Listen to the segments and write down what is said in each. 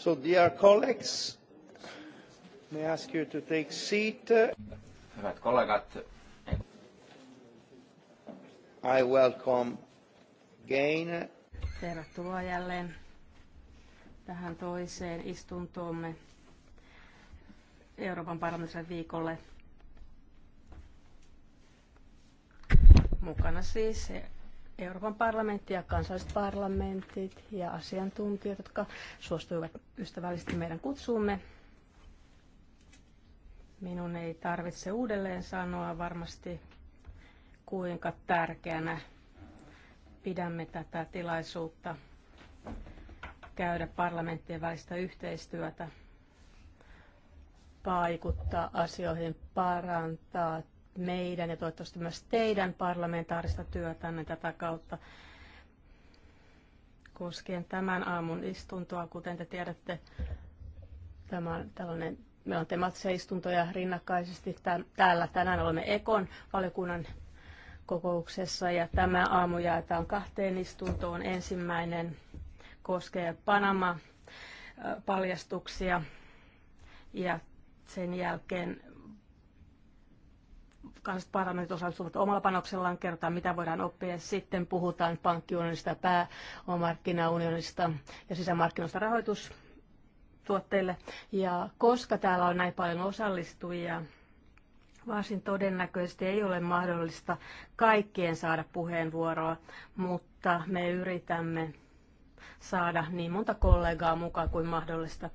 So, dear colleagues, may I ask you to take seat. Hyvät kollegat. I welcome again. Tervetuloa jälleen tähän toiseen istuntoomme Euroopan parlamentin viikolle. Mukana siis Euroopan parlamentti ja kansalliset parlamentit ja asiantuntijat, jotka suostuivat ystävällisesti meidän kutsuumme. Minun ei tarvitse uudelleen sanoa varmasti, kuinka tärkeänä pidämme tätä tilaisuutta käydä parlamenttien välistä yhteistyötä, vaikuttaa asioihin, parantaa meidän ja toivottavasti myös teidän parlamentaarista työtänne tätä kautta koskien tämän aamun istuntoa. Kuten te tiedätte, tämä on tällainen, meillä on temaattisia istuntoja rinnakkaisesti täällä. Tänään olemme Ekon valiokunnan kokouksessa ja tämä aamu jaetaan kahteen istuntoon. Ensimmäinen koskee Panama-paljastuksia ja sen jälkeen kansalliset parlamentit osallistuvat omalla panoksellaan, kertaa mitä voidaan oppia. Sitten puhutaan pankkiunionista, pääomarkkinaunionista ja sisämarkkinoista rahoitustuotteille. Ja koska täällä on näin paljon osallistujia, varsin todennäköisesti ei ole mahdollista kaikkien saada puheenvuoroa, mutta me yritämme saada niin monta kollegaa mukaan kuin mahdollista.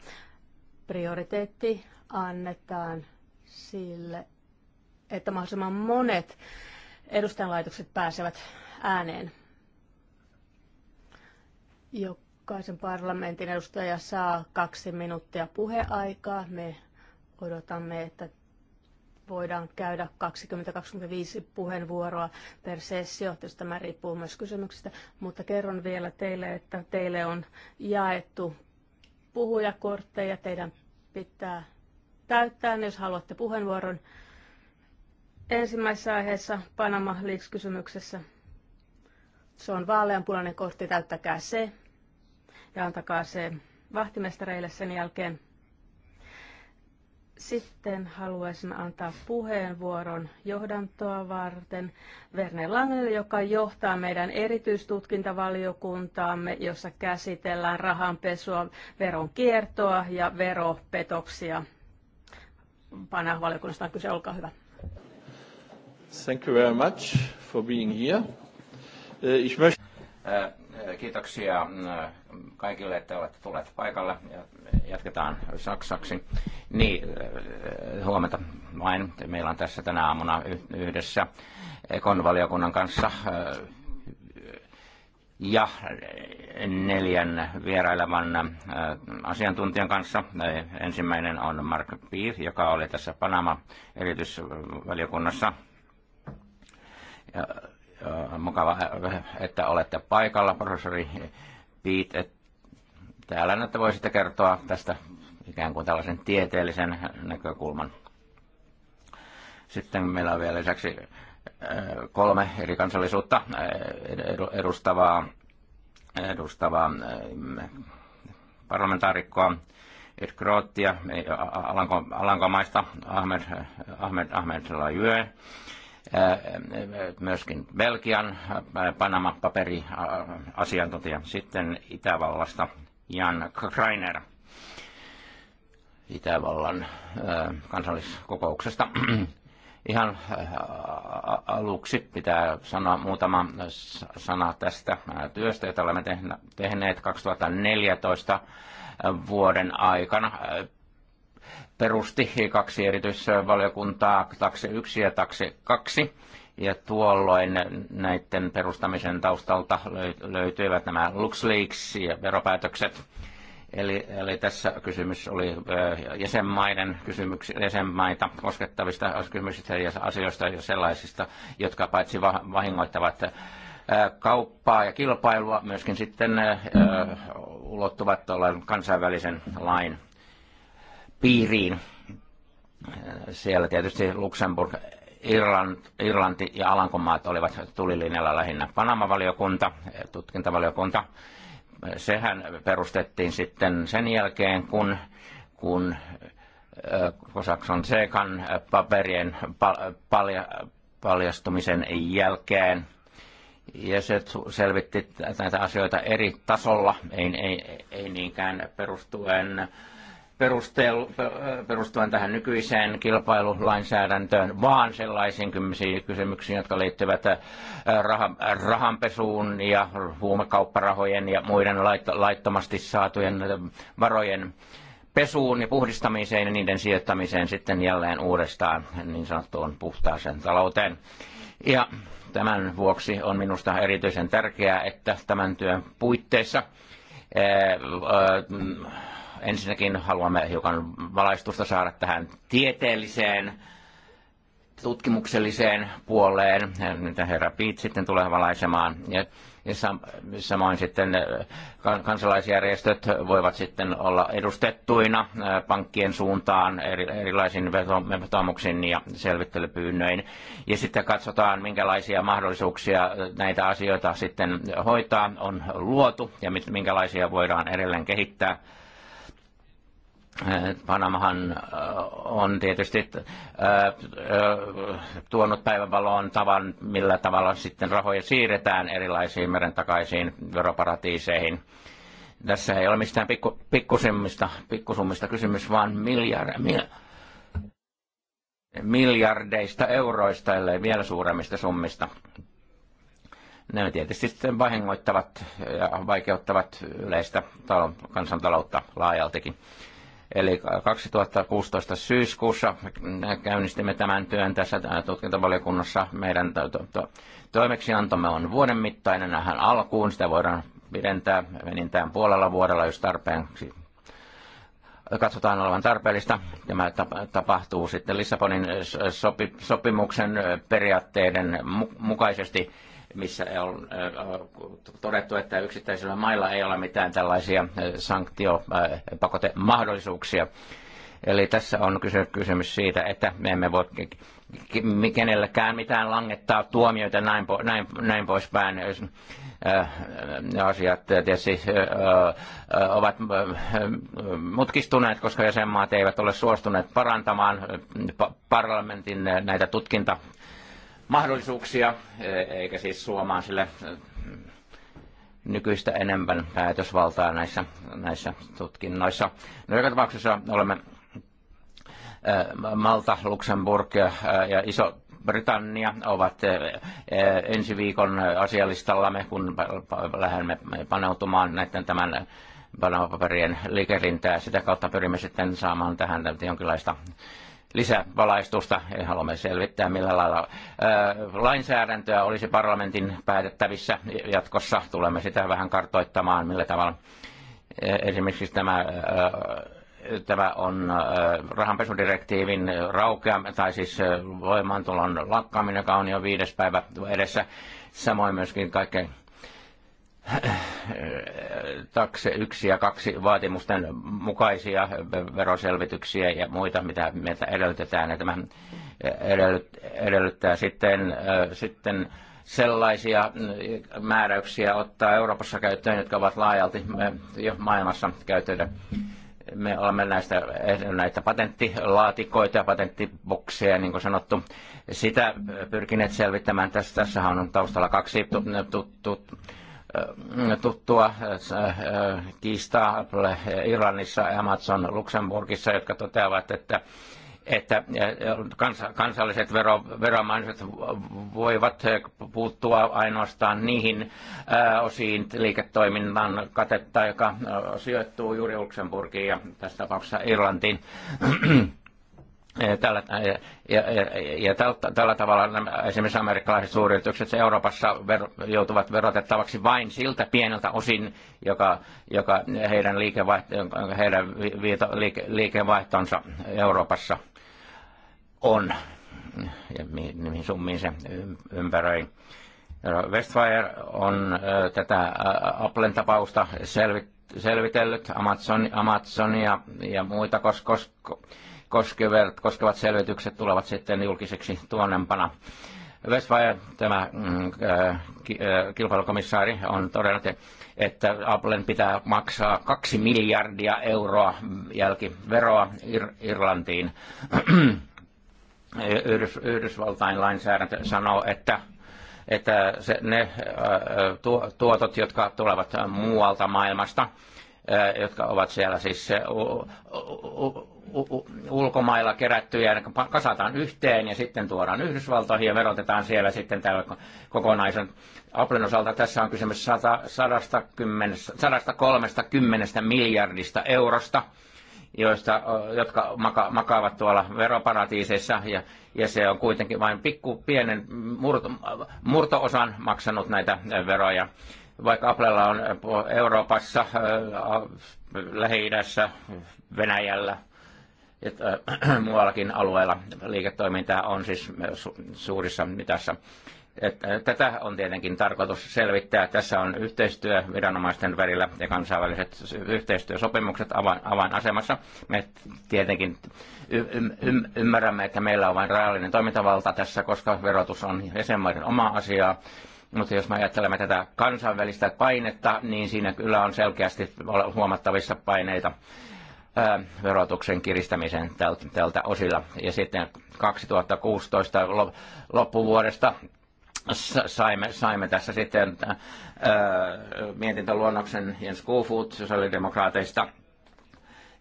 Prioriteetti annetaan sille, että mahdollisimman monet edustajanlaitokset pääsevät ääneen. Jokaisen parlamentin edustaja saa kaksi minuuttia puheaikaa. Me odotamme, että voidaan käydä 20-25 puheenvuoroa per sessio, tietysti tämä riippuu myös kysymyksistä, mutta kerron vielä teille, että teille on jaettu puhujakortteja, teidän pitää täyttää jos haluatte puheenvuoron. Ensimmäisessä aiheessa Panama Leaks-kysymyksessä. Se on vaaleanpunainen kortti, täyttäkää se ja antakaa se vahtimestareille sen jälkeen. Sitten haluaisin antaa puheenvuoron johdantoa varten Verne Langelle, joka johtaa meidän erityistutkintavaliokuntaamme, jossa käsitellään rahanpesua, veronkiertoa ja veropetoksia. Panaa valiokunnasta on kyse, olkaa hyvä. Thank you very much for being here. Uh, kiitoksia mm, kaikille, että olette tulleet paikalle. Jatketaan saksaksi. Niin, huomenta vain. Meillä on tässä tänä aamuna yhdessä Ekon valiokunnan kanssa ja neljän vierailevan asiantuntijan kanssa. Ensimmäinen on Mark Piir, joka oli tässä Panama-erityisvaliokunnassa ja, äh, ja, äh, mukava, äh, että olette paikalla, professori Piit. Täällä näitä voisitte kertoa tästä ikään kuin tällaisen tieteellisen näkökulman. Sitten meillä on vielä lisäksi kolme eri kansallisuutta edustavaa, edustavaa parlamentaarikkoa. Ed Kroottia, Alanko, Alankomaista, Ahmed, Ahmed, Ahmed Lajue, Äh, äh, myöskin Belgian äh, Panama-paperi asiantuntija, sitten Itävallasta Jan Kreiner Itävallan kansalliskokouksesta. Ihan aluksi pitää sanoa muutama sana tästä työstä, jota olemme tehneet 2014 vuoden aikana perusti kaksi erityisvaliokuntaa, takse 1 ja takse 2. Ja tuolloin näiden perustamisen taustalta löytyivät nämä LuxLeaks ja veropäätökset. Eli, eli tässä kysymys oli jäsenmaiden kysymyksiä, jäsenmaita koskettavista kysymyksistä ja asioista ja sellaisista, jotka paitsi vahingoittavat kauppaa ja kilpailua, myöskin sitten ulottuvat tuolla kansainvälisen lain piiriin. Siellä tietysti Luxemburg, Irlanti ja Alankomaat olivat tulilinjalla lähinnä Panama-valiokunta, tutkintavaliokunta. Sehän perustettiin sitten sen jälkeen, kun, kun Kosakson äh, Sekan paperien palja, paljastumisen jälkeen. Ja se selvitti näitä asioita eri tasolla, ei, ei, ei niinkään perustuen perustuen tähän nykyiseen kilpailulainsäädäntöön, vaan sellaisiin kysymyksiin, jotka liittyvät äh, rahanpesuun ja huumekaupparahojen ja muiden laittomasti saatujen varojen pesuun ja puhdistamiseen ja niiden sijoittamiseen sitten jälleen uudestaan niin sanottuun puhtaaseen talouteen. Ja tämän vuoksi on minusta erityisen tärkeää, että tämän työn puitteissa äh, äh, Ensinnäkin haluamme hiukan valaistusta saada tähän tieteelliseen tutkimukselliseen puoleen, mitä herra Piit sitten tulee valaisemaan. Ja, ja samoin sitten äh, kansalaisjärjestöt voivat sitten olla edustettuina äh, pankkien suuntaan eri, erilaisin vetoomuksin ja selvittelypyynnöin. Ja sitten katsotaan, minkälaisia mahdollisuuksia äh, näitä asioita sitten hoitaa on luotu ja minkälaisia voidaan edelleen kehittää Panamahan äh, on tietysti äh, äh, tuonut päivänvaloon tavan, millä tavalla sitten rahoja siirretään erilaisiin meren takaisiin veroparatiiseihin. Tässä ei ole mistään pikku, pikkusummista, kysymys, vaan miljard, mil, miljardeista euroista, ellei vielä suuremmista summista. Ne tietysti sitten vahingoittavat ja vaikeuttavat yleistä kansantaloutta laajaltikin. Eli 2016 syyskuussa käynnistimme tämän työn tässä tutkintavaliokunnassa. Meidän to- to- toimeksiantomme on vuoden mittainen nähän alkuun. Sitä voidaan pidentää enintään puolella vuodella, jos tarpeeksi katsotaan olevan tarpeellista. Tämä tapahtuu sitten Lissabonin sopi- sopimuksen periaatteiden mukaisesti missä on äh, todettu, että yksittäisillä mailla ei ole mitään tällaisia äh, sanktiopakotemahdollisuuksia. Äh, Eli tässä on kysymys siitä, että me emme voi kenellekään mitään langettaa tuomioita näin, po, näin, näin poispäin. Ne asiat tietysti ovat mutkistuneet, koska jäsenmaat eivät ole suostuneet parantamaan parlamentin näitä tutkinta mahdollisuuksia, e, eikä siis suomaan sille e, nykyistä enemmän päätösvaltaa näissä, näissä tutkinnoissa. No, joka tapauksessa olemme e, Malta, Luxemburg ja Iso Britannia ovat ensi viikon asialistallamme, kun lähdemme paneutumaan näiden tämän panopaperien paperien Sitä kautta pyrimme sitten saamaan tähän jonkinlaista lisävalaistusta. Haluamme selvittää, millä lailla lainsäädäntöä olisi parlamentin päätettävissä jatkossa. Tulemme sitä vähän kartoittamaan, millä tavalla e, esimerkiksi tämä tämä on rahanpesudirektiivin raukea, tai siis voimaantulon lakkaaminen, joka on jo viides päivä edessä. Samoin myöskin kaikkein takse yksi ja kaksi vaatimusten mukaisia veroselvityksiä ja muita, mitä meiltä edellytetään. Ja tämä edellyttää sitten, sitten sellaisia määräyksiä ottaa Euroopassa käyttöön, jotka ovat laajalti jo maailmassa käytössä. Me olemme näistä, näitä patenttilaatikoita ja patenttibokseja, niin kuin sanottu, sitä pyrkineet selvittämään. Tässä, tässähän on taustalla kaksi tut, tut, tut, Äh, tuttua äh, äh, kiistaa Apple Irlannissa, Amazon Luxemburgissa, jotka toteavat, että että kansalliset vero, voivat puuttua ainoastaan niihin osiin liiketoiminnan katetta, joka sijoittuu juuri Luxemburgiin ja tässä tapauksessa Irlantiin. Tällä, ja, ja, ja tällä, tällä tavalla nämä, esimerkiksi amerikkalaiset suuryritykset Euroopassa ver, joutuvat verotettavaksi vain siltä pieneltä osin, joka, joka heidän, liikevaihto, heidän viito, liike, liikevaihtonsa Euroopassa on, ja mihin, mihin summiin se ympäröi. Westfire on ö, tätä Applen tapausta selvit, selvitellyt, Amazon, Amazonia ja muita, koska kos, koskevat, koskevat selvitykset tulevat sitten julkiseksi tuonnempana. Westfire, tämä mm, äh, äh, kilpailukomissaari, on todennut, että Applen pitää maksaa kaksi miljardia euroa jälkiveroa Ir- Irlantiin. Äh, Yhdys- Yhdysvaltain lainsäädäntö sanoo, että että se, ne ä, tuotot, jotka tulevat muualta maailmasta, jotka ovat siellä siis ulkomailla kerättyjä, kasataan yhteen ja sitten tuodaan Yhdysvaltoihin ja verotetaan siellä sitten tällä kokonaisen Applen osalta. Tässä on kysymys 130, 130 miljardista eurosta, joista, jotka maka, makaavat tuolla veroparatiiseissa ja, ja se on kuitenkin vain pikku pienen murto, murto-osan maksanut näitä veroja. Vaikka Applella on eh, Euroopassa, eh, Lähi-idässä, Venäjällä ja eh, muuallakin alueella liiketoimintaa on siis suurissa mitassa. Tätä on tietenkin tarkoitus selvittää. Tässä on yhteistyö viranomaisten välillä ja kansainväliset yhteistyösopimukset avainasemassa. Me tietenkin ymmärrämme, että meillä on vain rajallinen toimintavalta tässä, koska verotus on jäsenmaiden oma asiaa. Mutta jos me ajattelemme tätä kansainvälistä painetta, niin siinä kyllä on selkeästi huomattavissa paineita verotuksen kiristämisen tältä osilla. Ja sitten 2016 loppuvuodesta saimme, saimme tässä sitten mietintöluonnoksen Jens Kufut sosiaalidemokraateista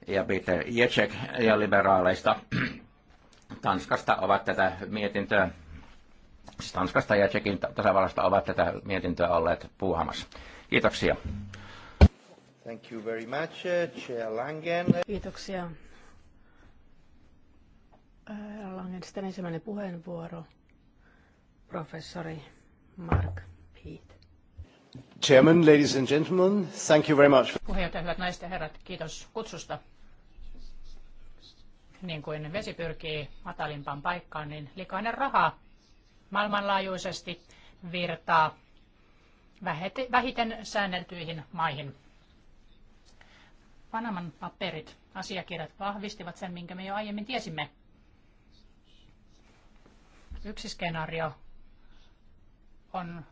ja Peter Jecek ja liberaaleista Tanskasta ovat tätä mietintöä Siis Tanskasta ja Tsekin tasavallasta ovat tätä mietintöä olleet puuhamassa. Kiitoksia. Thank you very much, uh, Chair Langen. Kiitoksia. Langen, sitten ensimmäinen puheenvuoro, professori Mark Piet. Chairman, ladies and gentlemen, thank you very much. Puheenjohtaja, hyvät naiset ja herrat, kiitos kutsusta. Niin kuin vesi pyrkii matalimpaan paikkaan, niin likainen raha maailmanlaajuisesti virtaa vähiten säänneltyihin maihin. Panaman paperit, asiakirjat vahvistivat sen, minkä me jo aiemmin tiesimme. Yksi skenaario on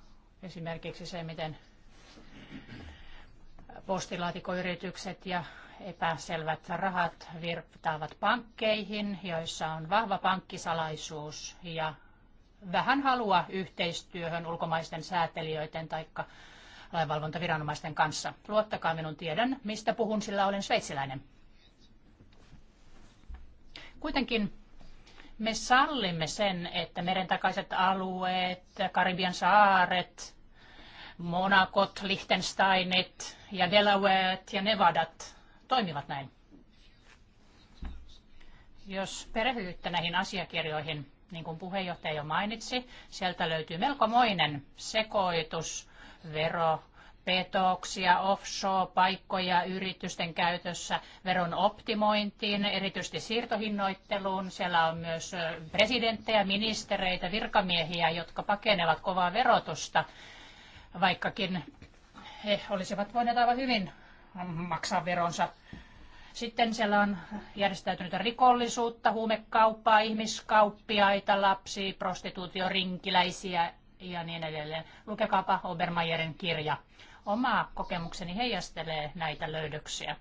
esimerkiksi se, miten postilaatikoyritykset ja epäselvät rahat virtaavat pankkeihin, joissa on vahva pankkisalaisuus ja vähän halua yhteistyöhön ulkomaisten säätelijöiden tai lainvalvontaviranomaisten kanssa. Luottakaa minun tiedän, mistä puhun, sillä olen sveitsiläinen. Kuitenkin me sallimme sen, että meren takaiset alueet, Karibian saaret, Monakot, Liechtensteinit ja Delaware ja Nevadat toimivat näin. Jos perehdytte näihin asiakirjoihin, niin kuin puheenjohtaja jo mainitsi, sieltä löytyy melkomoinen sekoitus vero, petoksia, offshore-paikkoja yritysten käytössä veron optimointiin, erityisesti siirtohinnoitteluun. Siellä on myös presidenttejä, ministereitä, virkamiehiä, jotka pakenevat kovaa verotusta, vaikkakin he olisivat voineet aivan hyvin maksaa veronsa sitten siellä on järjestäytynyttä rikollisuutta, huumekauppaa, ihmiskauppiaita, lapsi, prostituutio, rinkiläisiä ja niin edelleen. Lukekaapa Obermeierin kirja. Oma kokemukseni heijastelee näitä löydöksiä.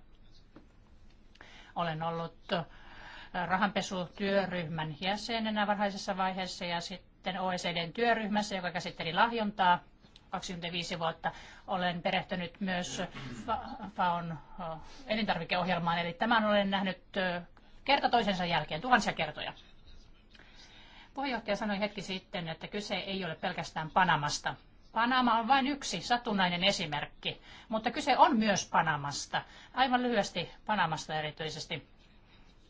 Olen ollut rahanpesutyöryhmän jäsenenä varhaisessa vaiheessa ja sitten OECDn työryhmässä, joka käsitteli lahjontaa. 25 vuotta olen perehtynyt myös FAON elintarvikeohjelmaan, eli tämän olen nähnyt kerta toisensa jälkeen, tuhansia kertoja. Puheenjohtaja sanoi hetki sitten, että kyse ei ole pelkästään Panamasta. Panama on vain yksi satunnainen esimerkki, mutta kyse on myös Panamasta. Aivan lyhyesti Panamasta erityisesti.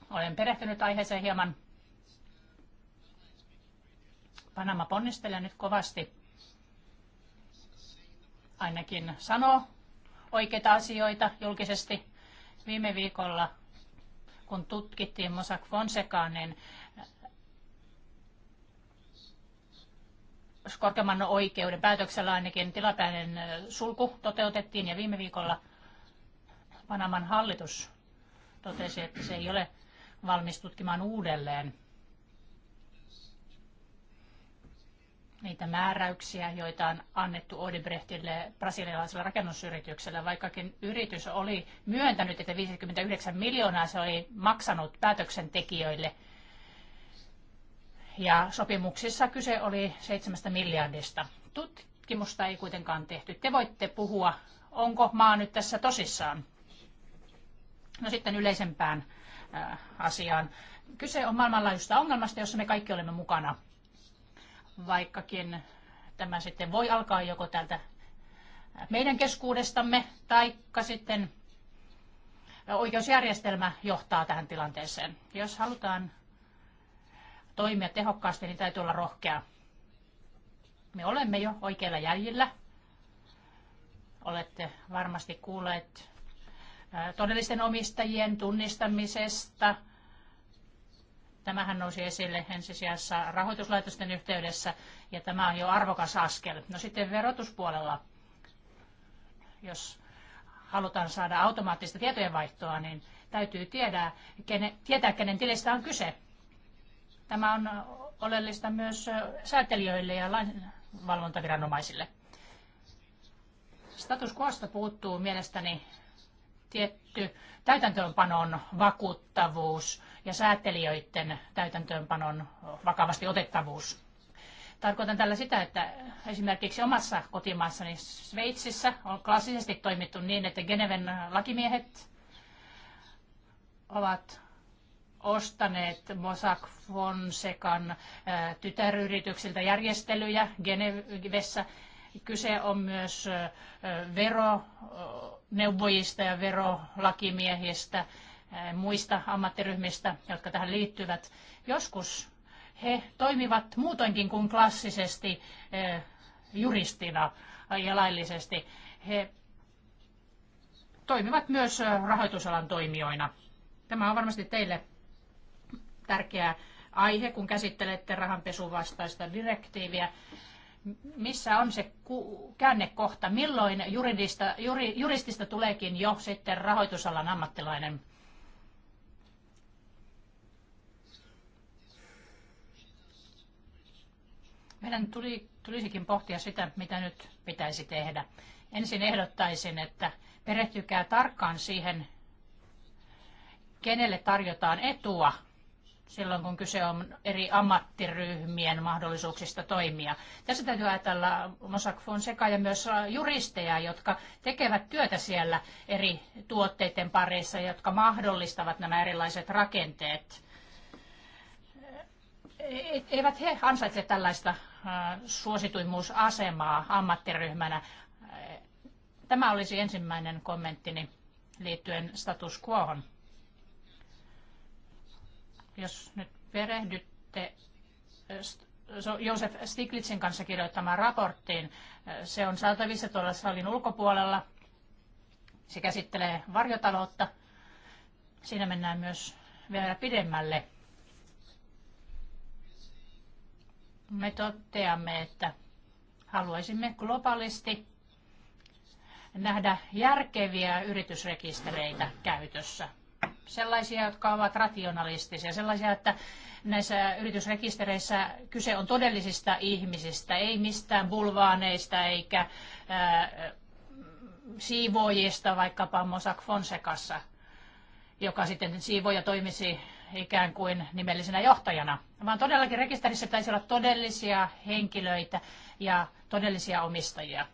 Olen perehtynyt aiheeseen hieman. Panama ponnistelee nyt kovasti ainakin sanoo oikeita asioita julkisesti. Viime viikolla, kun tutkittiin Mossack Fonsecaa, niin äh, korkeamman oikeuden päätöksellä ainakin tilapäinen äh, sulku toteutettiin ja viime viikolla Panaman hallitus totesi, että se ei ole valmis tutkimaan uudelleen niitä määräyksiä, joita on annettu Odebrechtille brasilialaiselle rakennusyritykselle, vaikkakin yritys oli myöntänyt, että 59 miljoonaa se oli maksanut päätöksentekijöille. Ja sopimuksissa kyse oli 7 miljardista. Tutkimusta ei kuitenkaan tehty. Te voitte puhua, onko maa nyt tässä tosissaan. No sitten yleisempään asiaan. Kyse on maailmanlaajuisesta ongelmasta, jossa me kaikki olemme mukana – vaikkakin tämä sitten voi alkaa joko täältä meidän keskuudestamme, tai sitten oikeusjärjestelmä johtaa tähän tilanteeseen. Jos halutaan toimia tehokkaasti, niin täytyy olla rohkea. Me olemme jo oikeilla jäljillä. Olette varmasti kuulleet todellisten omistajien tunnistamisesta – Tämähän nousi esille ensisijassa rahoituslaitosten yhteydessä ja tämä on jo arvokas askel. No sitten verotuspuolella, jos halutaan saada automaattista tietojenvaihtoa, niin täytyy tiedä, kene, tietää, kenen tilistä on kyse. Tämä on oleellista myös säätelijöille ja lainvalvontaviranomaisille. Status quosta puuttuu mielestäni tietty täytäntöönpanon vakuuttavuus ja säätelijöiden täytäntöönpanon vakavasti otettavuus. Tarkoitan tällä sitä, että esimerkiksi omassa kotimaassani Sveitsissä on klassisesti toimittu niin, että Geneven lakimiehet ovat ostaneet Mossack Fonsecan tytäryrityksiltä järjestelyjä Genevessä. Kyse on myös veroneuvojista ja verolakimiehistä Eh, muista ammattiryhmistä, jotka tähän liittyvät. Joskus he toimivat muutoinkin kuin klassisesti eh, juristina ja laillisesti. He toimivat myös eh, rahoitusalan toimijoina. Tämä on varmasti teille tärkeä aihe, kun käsittelette rahanpesun vastaista direktiiviä. Missä on se käännekohta? Milloin juridista, juri, juristista tuleekin jo sitten rahoitusalan ammattilainen? Meidän tuli, tulisikin pohtia sitä, mitä nyt pitäisi tehdä. Ensin ehdottaisin, että perehtykää tarkkaan siihen, kenelle tarjotaan etua silloin, kun kyse on eri ammattiryhmien mahdollisuuksista toimia. Tässä täytyy ajatella Mossack Fonseca ja myös juristeja, jotka tekevät työtä siellä eri tuotteiden parissa, jotka mahdollistavat nämä erilaiset rakenteet. E-, eivät he ansaitse tällaista suosituimmuusasemaa ammattiryhmänä. Tämä olisi ensimmäinen kommenttini liittyen status quohon. Jos nyt perehdytte Josef Stiglitzin kanssa kirjoittamaan raporttiin, se on saatavissa tuolla salin ulkopuolella. Se käsittelee varjotaloutta. Siinä mennään myös vielä pidemmälle me toteamme, että haluaisimme globaalisti nähdä järkeviä yritysrekistereitä käytössä. Sellaisia, jotka ovat rationalistisia, sellaisia, että näissä yritysrekistereissä kyse on todellisista ihmisistä, ei mistään bulvaaneista eikä ää, siivoojista vaikkapa Mossack Fonsecassa, joka sitten siivoja toimisi ikään kuin nimellisenä johtajana, vaan todellakin rekisterissä pitäisi olla todellisia henkilöitä ja todellisia omistajia.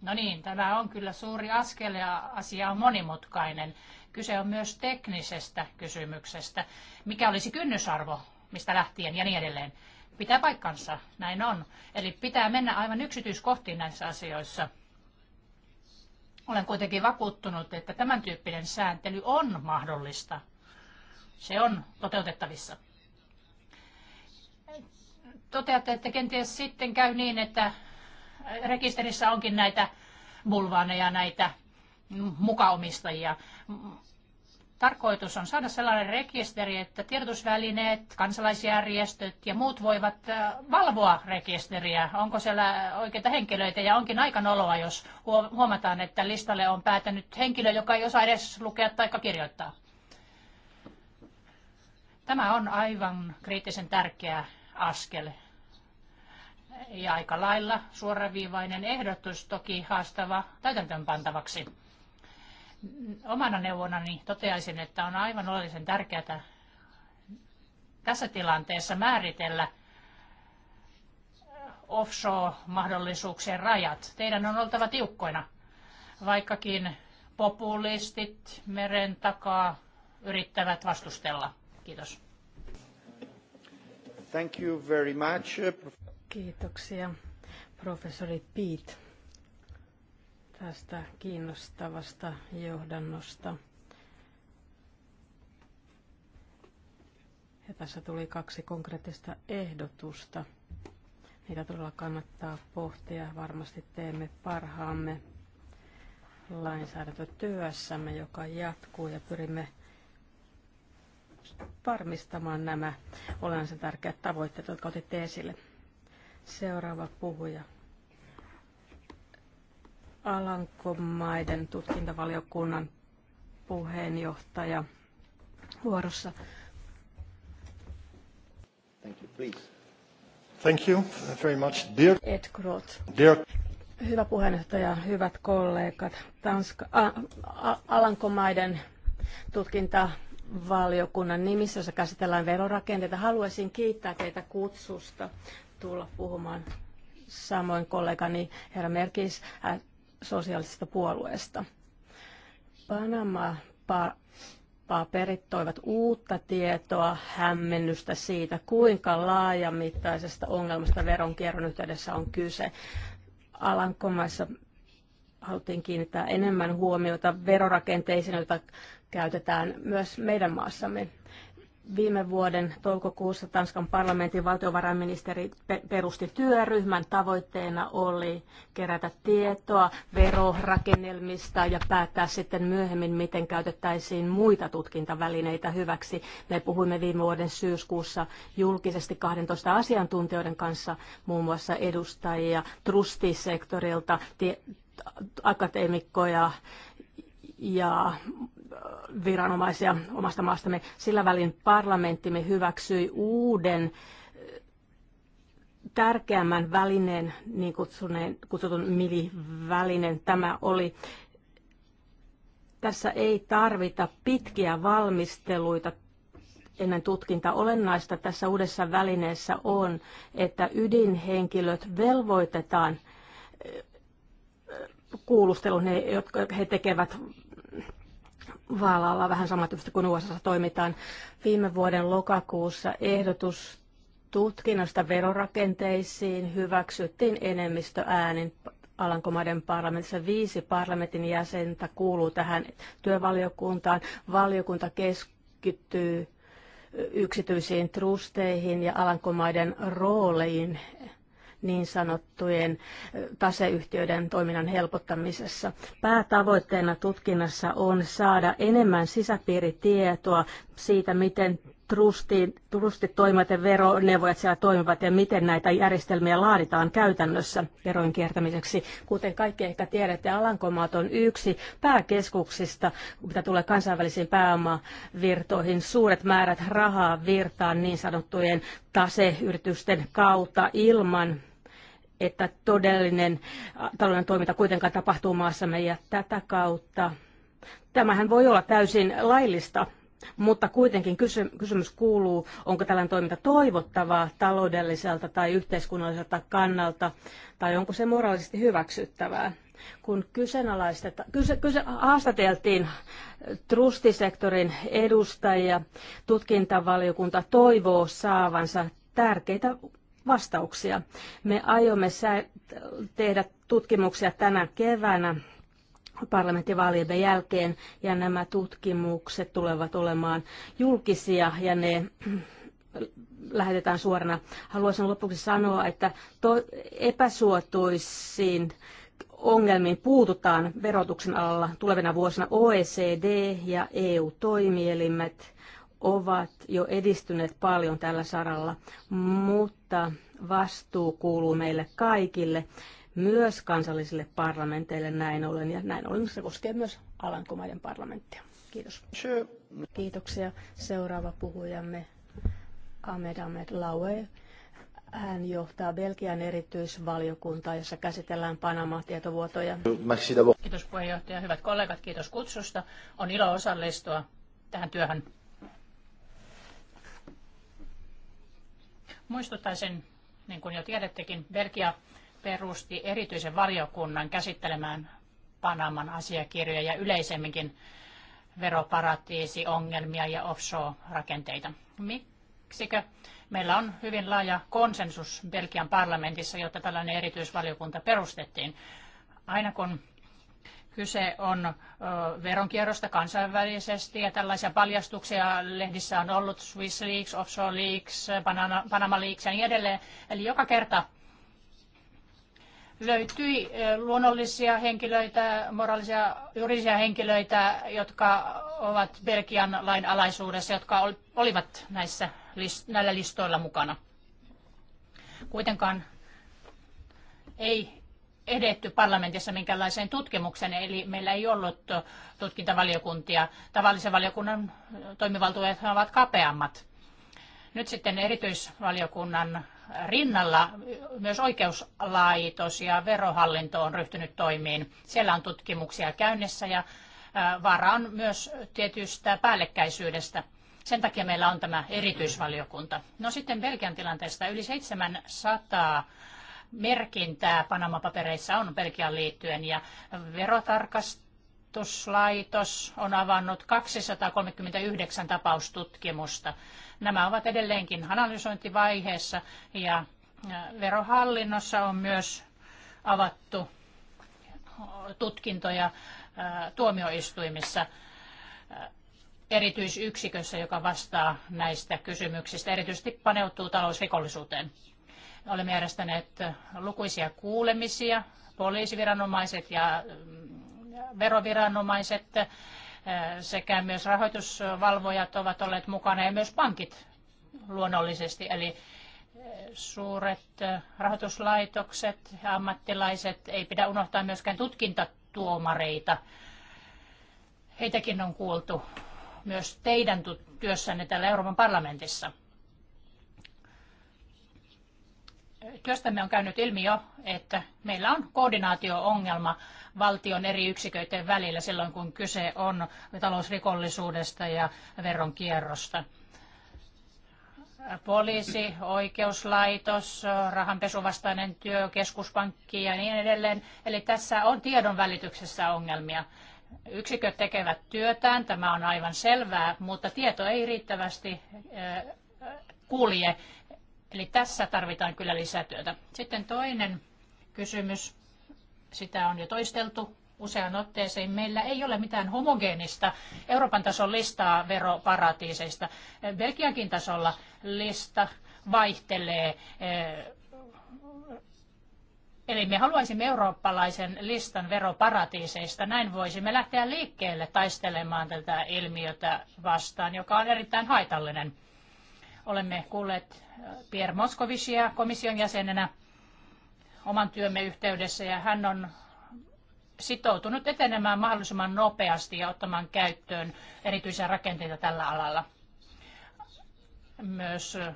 No niin, tämä on kyllä suuri askel ja asia on monimutkainen. Kyse on myös teknisestä kysymyksestä. Mikä olisi kynnysarvo, mistä lähtien ja niin edelleen. Pitää paikkansa, näin on. Eli pitää mennä aivan yksityiskohtiin näissä asioissa. Olen kuitenkin vakuuttunut, että tämän tyyppinen sääntely on mahdollista se on toteutettavissa. Toteatte, että kenties sitten käy niin, että rekisterissä onkin näitä bulvaaneja, näitä mukaomistajia. Tarkoitus on saada sellainen rekisteri, että tiedotusvälineet, kansalaisjärjestöt ja muut voivat äh, valvoa rekisteriä. Onko siellä oikeita henkilöitä ja onkin aika noloa, jos huomataan, että listalle on päätänyt henkilö, joka ei osaa edes lukea tai kirjoittaa. Tämä on aivan kriittisen tärkeä askel ja aika lailla suoraviivainen ehdotus toki haastava täytäntöönpantavaksi. Omana neuvonani toteaisin, että on aivan oleellisen tärkeää tässä tilanteessa määritellä offshore-mahdollisuuksien rajat. Teidän on oltava tiukkoina, vaikkakin populistit meren takaa yrittävät vastustella. Kiitos. Thank you very much. Kiitoksia professori Pete tästä kiinnostavasta johdannosta. Ja tässä tuli kaksi konkreettista ehdotusta. Niitä todella kannattaa pohtia. Varmasti teemme parhaamme lainsäädäntötyössämme, joka jatkuu ja pyrimme varmistamaan nämä olennaisen tärkeät tavoitteet, jotka otitte esille. Seuraava puhuja. Alankomaiden tutkintavaliokunnan puheenjohtaja vuorossa. Thank you, please. Thank you very much, dear. Ed Groth. Dear. Hyvä puheenjohtaja, hyvät kollegat. Tanska, a, a, Alankomaiden tutkinta valiokunnan nimissä, jossa käsitellään verorakenteita. Haluaisin kiittää teitä kutsusta tulla puhumaan samoin kollegani herra Merkis äh, sosiaalisesta puolueesta. Panama paperit toivat uutta tietoa, hämmennystä siitä, kuinka laajamittaisesta ongelmasta veronkierron yhteydessä on kyse. Alankomaissa haluttiin kiinnittää enemmän huomiota verorakenteisiin, joita käytetään myös meidän maassamme. Viime vuoden toukokuussa Tanskan parlamentin valtiovarainministeri perusti työryhmän. Tavoitteena oli kerätä tietoa verorakennelmista ja päättää sitten myöhemmin, miten käytettäisiin muita tutkintavälineitä hyväksi. Me puhuimme viime vuoden syyskuussa julkisesti 12 asiantuntijoiden kanssa, muun muassa edustajia trustisektorilta, akateemikkoja ja viranomaisia omasta maastamme. Sillä välin parlamenttimme hyväksyi uuden eh, tärkeämmän välineen, niin kutsutun milivälinen. Tämä oli tässä ei tarvita pitkiä valmisteluita ennen tutkinta. Olennaista tässä uudessa välineessä on, että ydinhenkilöt velvoitetaan eh, kuulustelun, he, jotka he tekevät vaalalla vähän samantyyppistä kuin USA toimitaan. Viime vuoden lokakuussa ehdotus tutkinnasta verorakenteisiin hyväksyttiin enemmistöäänin Alankomaiden parlamentissa. Viisi parlamentin jäsentä kuuluu tähän työvaliokuntaan. Valiokunta keskittyy yksityisiin trusteihin ja Alankomaiden rooliin niin sanottujen taseyhtiöiden toiminnan helpottamisessa. Päätavoitteena tutkinnassa on saada enemmän sisäpiiritietoa siitä, miten trustit, toimivat ja veroneuvojat siellä toimivat ja miten näitä järjestelmiä laaditaan käytännössä verojen kiertämiseksi. Kuten kaikki ehkä tiedätte, Alankomaat on yksi pääkeskuksista, mitä tulee kansainvälisiin pääomavirtoihin. Suuret määrät rahaa virtaan niin sanottujen taseyritysten kautta ilman että todellinen äh, talouden toiminta kuitenkaan tapahtuu maassamme ja tätä kautta. Tämähän voi olla täysin laillista, mutta kuitenkin kysymys kuuluu, onko tällainen toiminta toivottavaa taloudelliselta tai yhteiskunnalliselta kannalta, tai onko se moraalisesti hyväksyttävää. Kun kyse, kyse, haastateltiin trustisektorin edustajia, tutkintavaliokunta toivoo saavansa tärkeitä vastauksia. Me aiomme tehdä tutkimuksia tänä keväänä parlamenttivaalien jälkeen, ja nämä tutkimukset tulevat olemaan julkisia, ja ne lähetetään suorana. Haluaisin lopuksi sanoa, että to, epäsuotuisiin ongelmiin puututaan verotuksen alalla tulevina vuosina OECD ja EU-toimielimet ovat jo edistyneet paljon tällä saralla, mutta vastuu kuuluu meille kaikille, myös kansallisille parlamenteille näin ollen, ja näin ollen se koskee myös Alankomaiden parlamenttia. Kiitos. Kiitoksia. Seuraava puhujamme Ahmed Ahmed Laue. Hän johtaa Belgian erityisvaliokuntaa, jossa käsitellään Panama-tietovuotoja. Kiitos puheenjohtaja. Hyvät kollegat, kiitos kutsusta. On ilo osallistua tähän työhön. Muistuttaisin, niin kuin jo tiedättekin, Belgia perusti erityisen valiokunnan käsittelemään Panaman asiakirjoja ja yleisemminkin veroparatiisiongelmia ja offshore-rakenteita. Miksikö meillä on hyvin laaja konsensus Belgian parlamentissa, jotta tällainen erityisvaliokunta perustettiin? Aina kun Kyse on veronkierrosta kansainvälisesti ja tällaisia paljastuksia lehdissä on ollut Swiss Leaks, Offshore Leaks, Panama Leaks ja niin edelleen. Eli joka kerta löytyi luonnollisia henkilöitä, moraalisia, juridisia henkilöitä, jotka ovat Belgian lain alaisuudessa, jotka olivat näissä, näillä listoilla mukana. Kuitenkaan ei edetty parlamentissa minkälaiseen tutkimukseen, eli meillä ei ollut tutkintavaliokuntia. Tavallisen valiokunnan toimivaltuudet ovat kapeammat. Nyt sitten erityisvaliokunnan rinnalla myös oikeuslaitos ja verohallinto on ryhtynyt toimiin. Siellä on tutkimuksia käynnissä ja vaara on myös tietystä päällekkäisyydestä. Sen takia meillä on tämä erityisvaliokunta. No sitten Belgian tilanteesta yli 700 merkintää Panama-papereissa on Belgian liittyen ja verotarkastuslaitos on avannut 239 tapaustutkimusta. Nämä ovat edelleenkin analysointivaiheessa ja äh, verohallinnossa on myös avattu tutkintoja äh, tuomioistuimissa äh, erityisyksikössä, joka vastaa näistä kysymyksistä, erityisesti paneutuu talousrikollisuuteen. Olemme järjestäneet lukuisia kuulemisia, poliisiviranomaiset ja mm, veroviranomaiset äh, sekä myös rahoitusvalvojat ovat olleet mukana ja myös pankit luonnollisesti. Eli äh, suuret äh, rahoituslaitokset ja ammattilaiset, ei pidä unohtaa myöskään tutkintatuomareita. Heitäkin on kuultu myös teidän työssänne täällä Euroopan parlamentissa. työstämme on käynyt ilmi jo, että meillä on koordinaatio-ongelma valtion eri yksiköiden välillä silloin, kun kyse on talousrikollisuudesta ja veronkierrosta. Poliisi, oikeuslaitos, rahanpesuvastainen työ, keskuspankki ja niin edelleen. Eli tässä on tiedonvälityksessä ongelmia. Yksiköt tekevät työtään, tämä on aivan selvää, mutta tieto ei riittävästi eh, kulje Eli tässä tarvitaan kyllä lisätyötä. Sitten toinen kysymys, sitä on jo toisteltu useaan otteeseen. Meillä ei ole mitään homogeenista Euroopan tason listaa veroparatiiseista. Belgiankin tasolla lista vaihtelee. Eh, eli me haluaisimme eurooppalaisen listan veroparatiiseista. Näin voisimme lähteä liikkeelle taistelemaan tätä ilmiötä vastaan, joka on erittäin haitallinen. Olemme kuulleet äh, Pierre Moskovisia komission jäsenenä oman työmme yhteydessä ja hän on sitoutunut etenemään mahdollisimman nopeasti ja ottamaan käyttöön erityisiä rakenteita tällä alalla. Myös äh,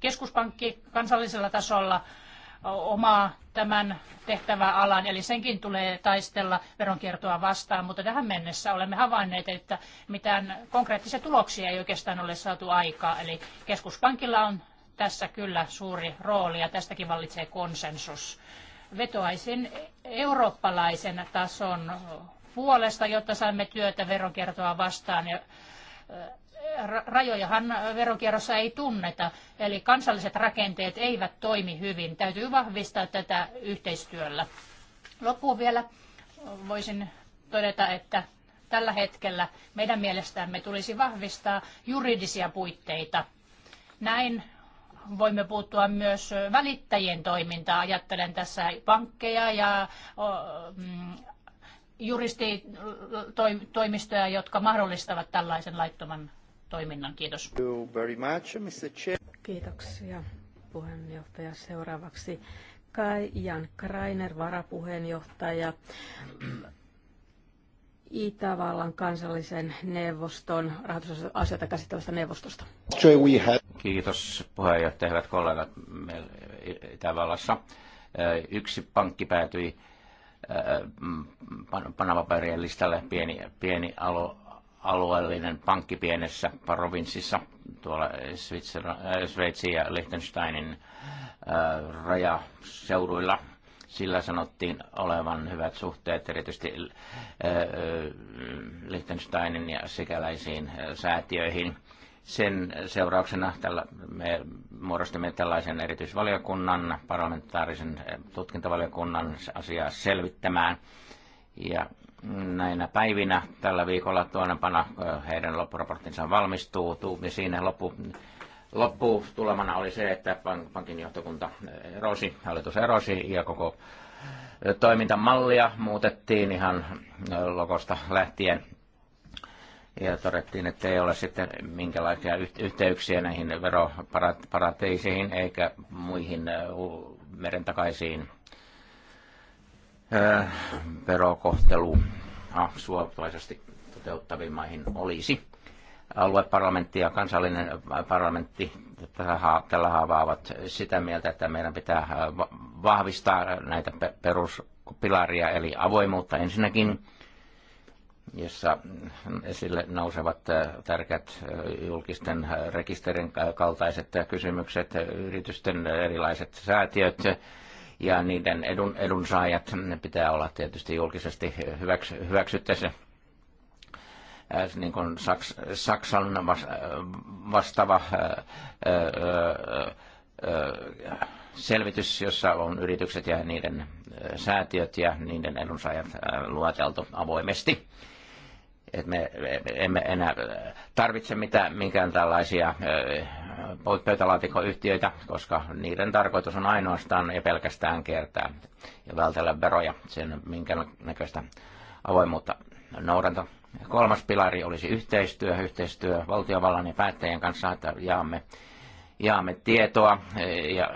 keskuspankki kansallisella tasolla omaa tämän alan, eli senkin tulee taistella veronkiertoa vastaan, mutta tähän mennessä olemme havainneet, että mitään konkreettisia tuloksia ei oikeastaan ole saatu aikaa, eli keskuspankilla on tässä kyllä suuri rooli ja tästäkin vallitsee konsensus. Vetoaisin eurooppalaisen tason puolesta, jotta saamme työtä veronkiertoa vastaan ja rajojahan veronkierrossa ei tunneta, eli kansalliset rakenteet eivät toimi hyvin. Täytyy vahvistaa tätä yhteistyöllä. Loppuun vielä voisin todeta, että tällä hetkellä meidän mielestämme tulisi vahvistaa juridisia puitteita. Näin voimme puuttua myös välittäjien toimintaan. Ajattelen tässä pankkeja ja mm, juristitoimistoja, jotka mahdollistavat tällaisen laittoman toiminnan. Kiitos. Very much, Mr. Kiitoksia puheenjohtaja. Seuraavaksi Kai Jan Krainer, varapuheenjohtaja Itävallan kansallisen neuvoston rahoitusasioita käsittelevästä neuvostosta. Kiitos puheenjohtaja, hyvät kollegat meillä Itävallassa. Yksi pankki päätyi Panamapaperien listalle pieni, pieni alo, alueellinen pankki pienessä provinssissa tuolla äh, Sveitsin ja Liechtensteinin äh, rajaseuduilla. Sillä sanottiin olevan hyvät suhteet erityisesti äh, Liechtensteinin ja sikäläisiin säätiöihin. Sen seurauksena tällä me muodostimme tällaisen erityisvaliokunnan, parlamentaarisen tutkintavaliokunnan asiaa selvittämään. Ja näinä päivinä tällä viikolla tuonnepana heidän loppuraporttinsa valmistuu. Niin siinä loppu, loppu tulemana oli se, että pankin johtokunta erosi, hallitus erosi ja koko toimintamallia muutettiin ihan lokosta lähtien. Ja todettiin, että ei ole sitten minkälaisia yhteyksiä näihin veroparateisiin eikä muihin merentakaisiin Äh, verokohtelu suotuisasti toteuttaviin maihin olisi. Alueparlamentti ja kansallinen parlamentti tällä haavaa ovat sitä mieltä, että meidän pitää äh, vahvistaa näitä peruspilaria, eli avoimuutta ensinnäkin, jossa esille nousevat äh, tärkeät julkisten rekisterin kaltaiset kysymykset, yritysten erilaiset säätiöt, ja niiden edun, edunsaajat pitää olla tietysti julkisesti hyväksy, hyväksyttävissä niin kuin Saks, Saksan vastaava selvitys, jossa on yritykset ja niiden säätiöt ja niiden edunsaajat luoteltu avoimesti että me emme enää äh, tarvitse mitään, minkään tällaisia äh, pöytälaatikoyhtiöitä, koska niiden tarkoitus on ainoastaan ja pelkästään kiertää ja vältellä veroja, sen minkä näköistä avoimuutta noudata. Kolmas pilari olisi yhteistyö, yhteistyö valtiovallan ja päättäjien kanssa, että jaamme, jaamme tietoa äh, ja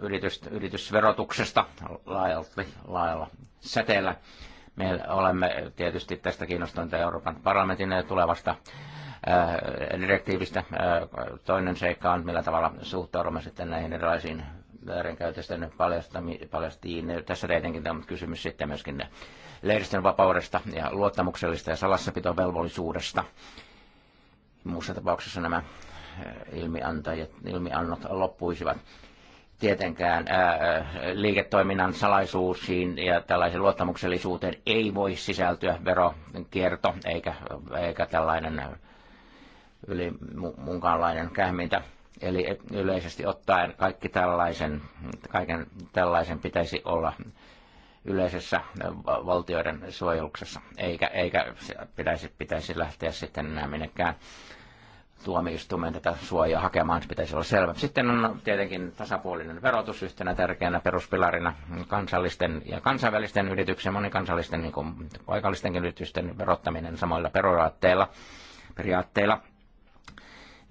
yritys, yritysverotuksesta laajalti, laajalla säteellä me olemme tietysti tästä kiinnostuneita Euroopan parlamentin tulevasta äh, direktiivistä. Äh, toinen seikka on, millä tavalla suhtaudumme sitten näihin erilaisiin väärinkäytösten paljastiin. Tässä tietenkin on kysymys sitten myöskin lehdistön vapaudesta ja luottamuksellista ja salassapitovelvollisuudesta. Muussa tapauksessa nämä äh, ilmiannot loppuisivat tietenkään liiketoiminnan salaisuuksiin ja tällaisen luottamuksellisuuteen ei voi sisältyä verokierto eikä, eikä tällainen yli munkaanlainen kähmintä. Eli yleisesti ottaen kaikki tällaisen, kaiken tällaisen pitäisi olla yleisessä valtioiden suojeluksessa, eikä, eikä pitäisi, pitäisi lähteä sitten enää minnekään tuomioistuimen tätä suojaa hakemaan, se pitäisi olla selvä. Sitten on tietenkin tasapuolinen verotus yhtenä tärkeänä peruspilarina kansallisten ja kansainvälisten yrityksien, monikansallisten niin kuin paikallistenkin yritysten verottaminen samoilla periaatteilla. periaatteilla.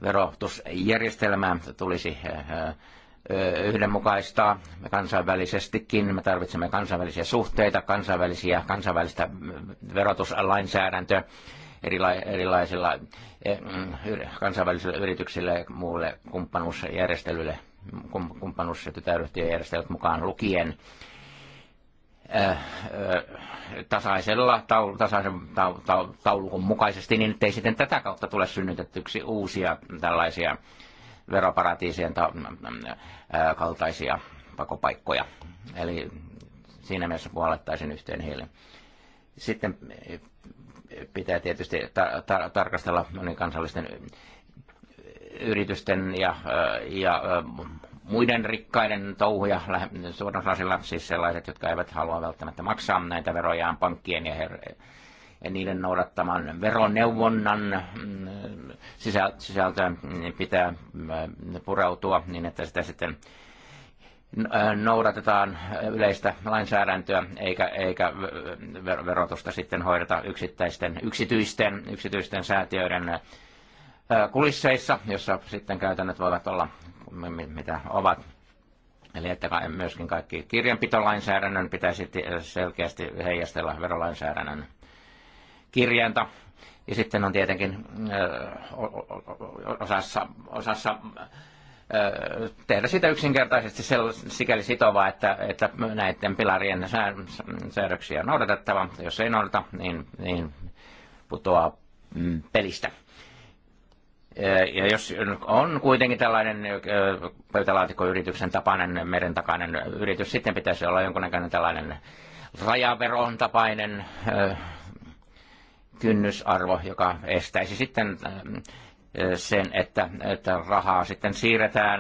Verotusjärjestelmää tulisi eh, eh, yhdenmukaistaa kansainvälisestikin. Me tarvitsemme kansainvälisiä suhteita, kansainvälisiä, kansainvälistä mm, verotuslainsäädäntöä erila- erilaisilla e, mm, kansainvälisillä yrityksillä ja muulle kumppanuusjärjestelyille, kumppanuus- ja tytäryhtiöjärjestelyt mukaan lukien tasaisella taul, tasaisen taul, taul, taulukon mukaisesti, niin ettei sitten tätä kautta tule synnytettyksi uusia tällaisia veroparatiisien ta, mm, mm, kaltaisia pakopaikkoja. Eli siinä mielessä puolettaisin yhteen hiilen. Sitten pitää tietysti ta- ta- tarkastella niin kansallisten yritysten ja, äh, ja äh, muiden rikkaiden touhuja suoranlaisilla, siis sellaiset, jotka eivät halua välttämättä maksaa näitä verojaan pankkien ja, her- ja niiden noudattaman veroneuvonnan mm, sisältöön niin pitää äh, pureutua niin, että sitä sitten Äh, noudatetaan yleistä lainsäädäntöä eikä, eikä verotusta sitten hoideta yksittäisten, yksityisten, yksityisten säätiöiden äh, kulisseissa, jossa sitten käytännöt voivat olla mitä ovat. Eli että myöskin kaikki kirjanpitolainsäädännön pitäisi selkeästi heijastella verolainsäädännön kirjainta. Ja sitten on tietenkin äh, osassa, osassa tehdä sitä yksinkertaisesti sikäli sitovaa, että, että näiden pilarien säädöksiä on noudatettava. Jos ei noudata, niin, niin putoaa mm, pelistä. Ja jos on kuitenkin tällainen pöytälaatikkoyrityksen tapainen meren takainen yritys, sitten pitäisi olla jonkunnäköinen tällainen rajaveron tapainen kynnysarvo, joka estäisi sitten sen, että, että rahaa sitten siirretään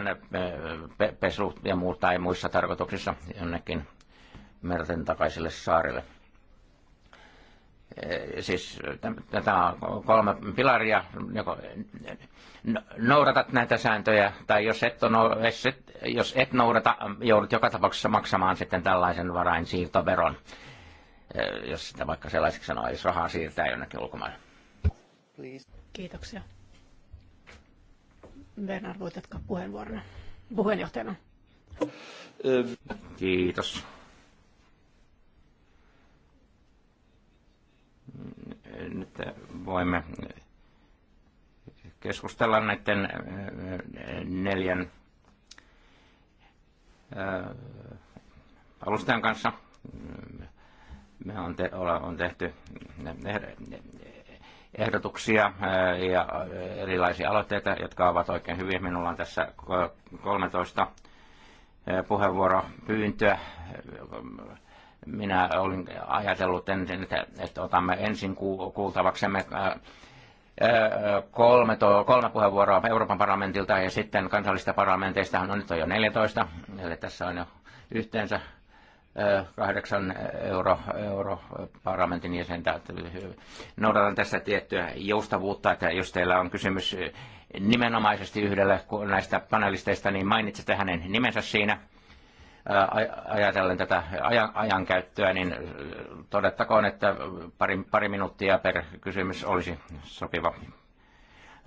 pesu- ja muu tai muissa tarkoituksissa jonnekin merten takaisille saarille. Siis tätä on kolme pilaria, joko noudatat näitä sääntöjä, tai jos et, on, jos et noudata, joudut joka tapauksessa maksamaan sitten tällaisen varainsiirtoveron, jos sitä vaikka sellaiseksi sanoo, jos rahaa siirtää jonnekin ulkomaille. Kiitoksia. Bernard, voit jatkaa puheenvuorona, puheenjohtajana. Kiitos. Nyt voimme keskustella näiden eh, neljän eh, alustajan kanssa. Me on, te, on tehty ehdotuksia ja erilaisia aloitteita, jotka ovat oikein hyviä. Minulla on tässä 13 puheenvuoropyyntöä. Minä olin ajatellut ensin, että, että otamme ensin kuultavaksemme kolme, kolme puheenvuoroa Euroopan parlamentilta ja sitten kansallista parlamenteista on no nyt on jo 14, eli tässä on jo yhteensä kahdeksan euro, euro parlamentin jäsentä. Noudatan tässä tiettyä joustavuutta, että jos teillä on kysymys nimenomaisesti yhdellä näistä panelisteista, niin mainitsette hänen nimensä siinä äh, ajatellen tätä ajan, ajankäyttöä, niin todettakoon, että pari, pari minuuttia per kysymys olisi sopiva.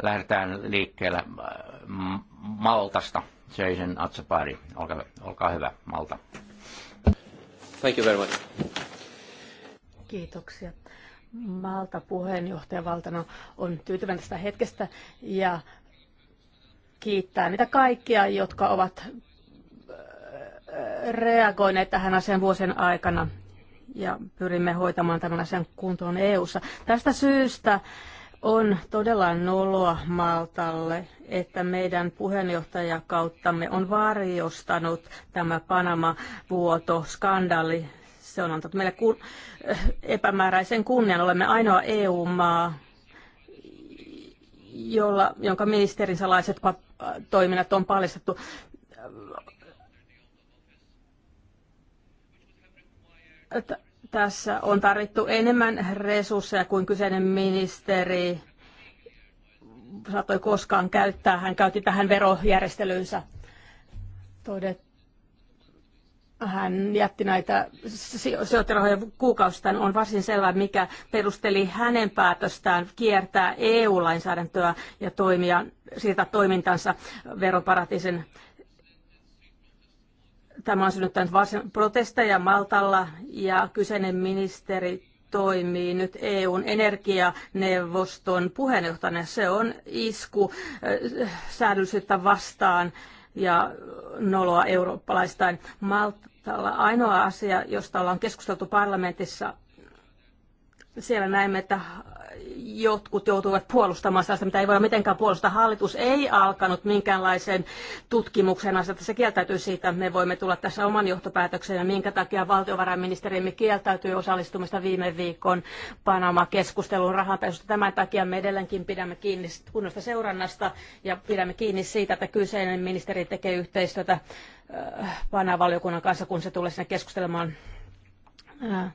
Lähdetään liikkeelle äh, Maltasta. Jason Atsapari, olkaa, olkaa hyvä, Malta. Thank you very much. Kiitoksia. Malta puheenjohtajavaltana on tyytyväinen tästä hetkestä ja kiittää niitä kaikkia, jotka ovat äh, reagoineet tähän asian vuosien aikana ja pyrimme hoitamaan tämän asian kuntoon EU-ssa. Tästä syystä on todella noloa Maltalle, että meidän puheenjohtajakauttamme on varjostanut tämä Panama-vuoto-skandaali. Se on antanut meille kun, epämääräisen kunnian. Olemme ainoa EU-maa, jolla, jonka ministerin salaiset toiminnat on paljastettu. Että tässä on tarvittu enemmän resursseja kuin kyseinen ministeri saattoi koskaan käyttää. Hän käytti tähän verojärjestelyynsä. Todet, hän jätti näitä sijoittajarahoja kuukausista. on varsin selvää, mikä perusteli hänen päätöstään kiertää EU-lainsäädäntöä ja toimia, siirtää toimintansa veroparatiisin Tämä on synnyttänyt varsin protesteja Maltalla ja kyseinen ministeri toimii nyt EUn energianeuvoston puheenjohtajana. Se on isku äh, säädöllisyyttä vastaan ja noloa eurooppalaistain. Maltalla ainoa asia, josta ollaan keskusteltu parlamentissa, siellä näemme, että jotkut joutuivat puolustamaan sellaista, mitä ei voi mitenkään puolustaa. Hallitus ei alkanut minkäänlaisen tutkimuksen asiasta. Se kieltäytyy siitä. Me voimme tulla tässä oman johtopäätöksen minkä takia valtiovarainministerimme kieltäytyi osallistumista viime viikon panama keskusteluun rahanpesusta. Tämän takia me edelleenkin pidämme kiinni kunnosta seurannasta ja pidämme kiinni siitä, että kyseinen ministeri tekee yhteistyötä äh, Panavaliokunnan kanssa, kun se tulee sinne keskustelemaan äh,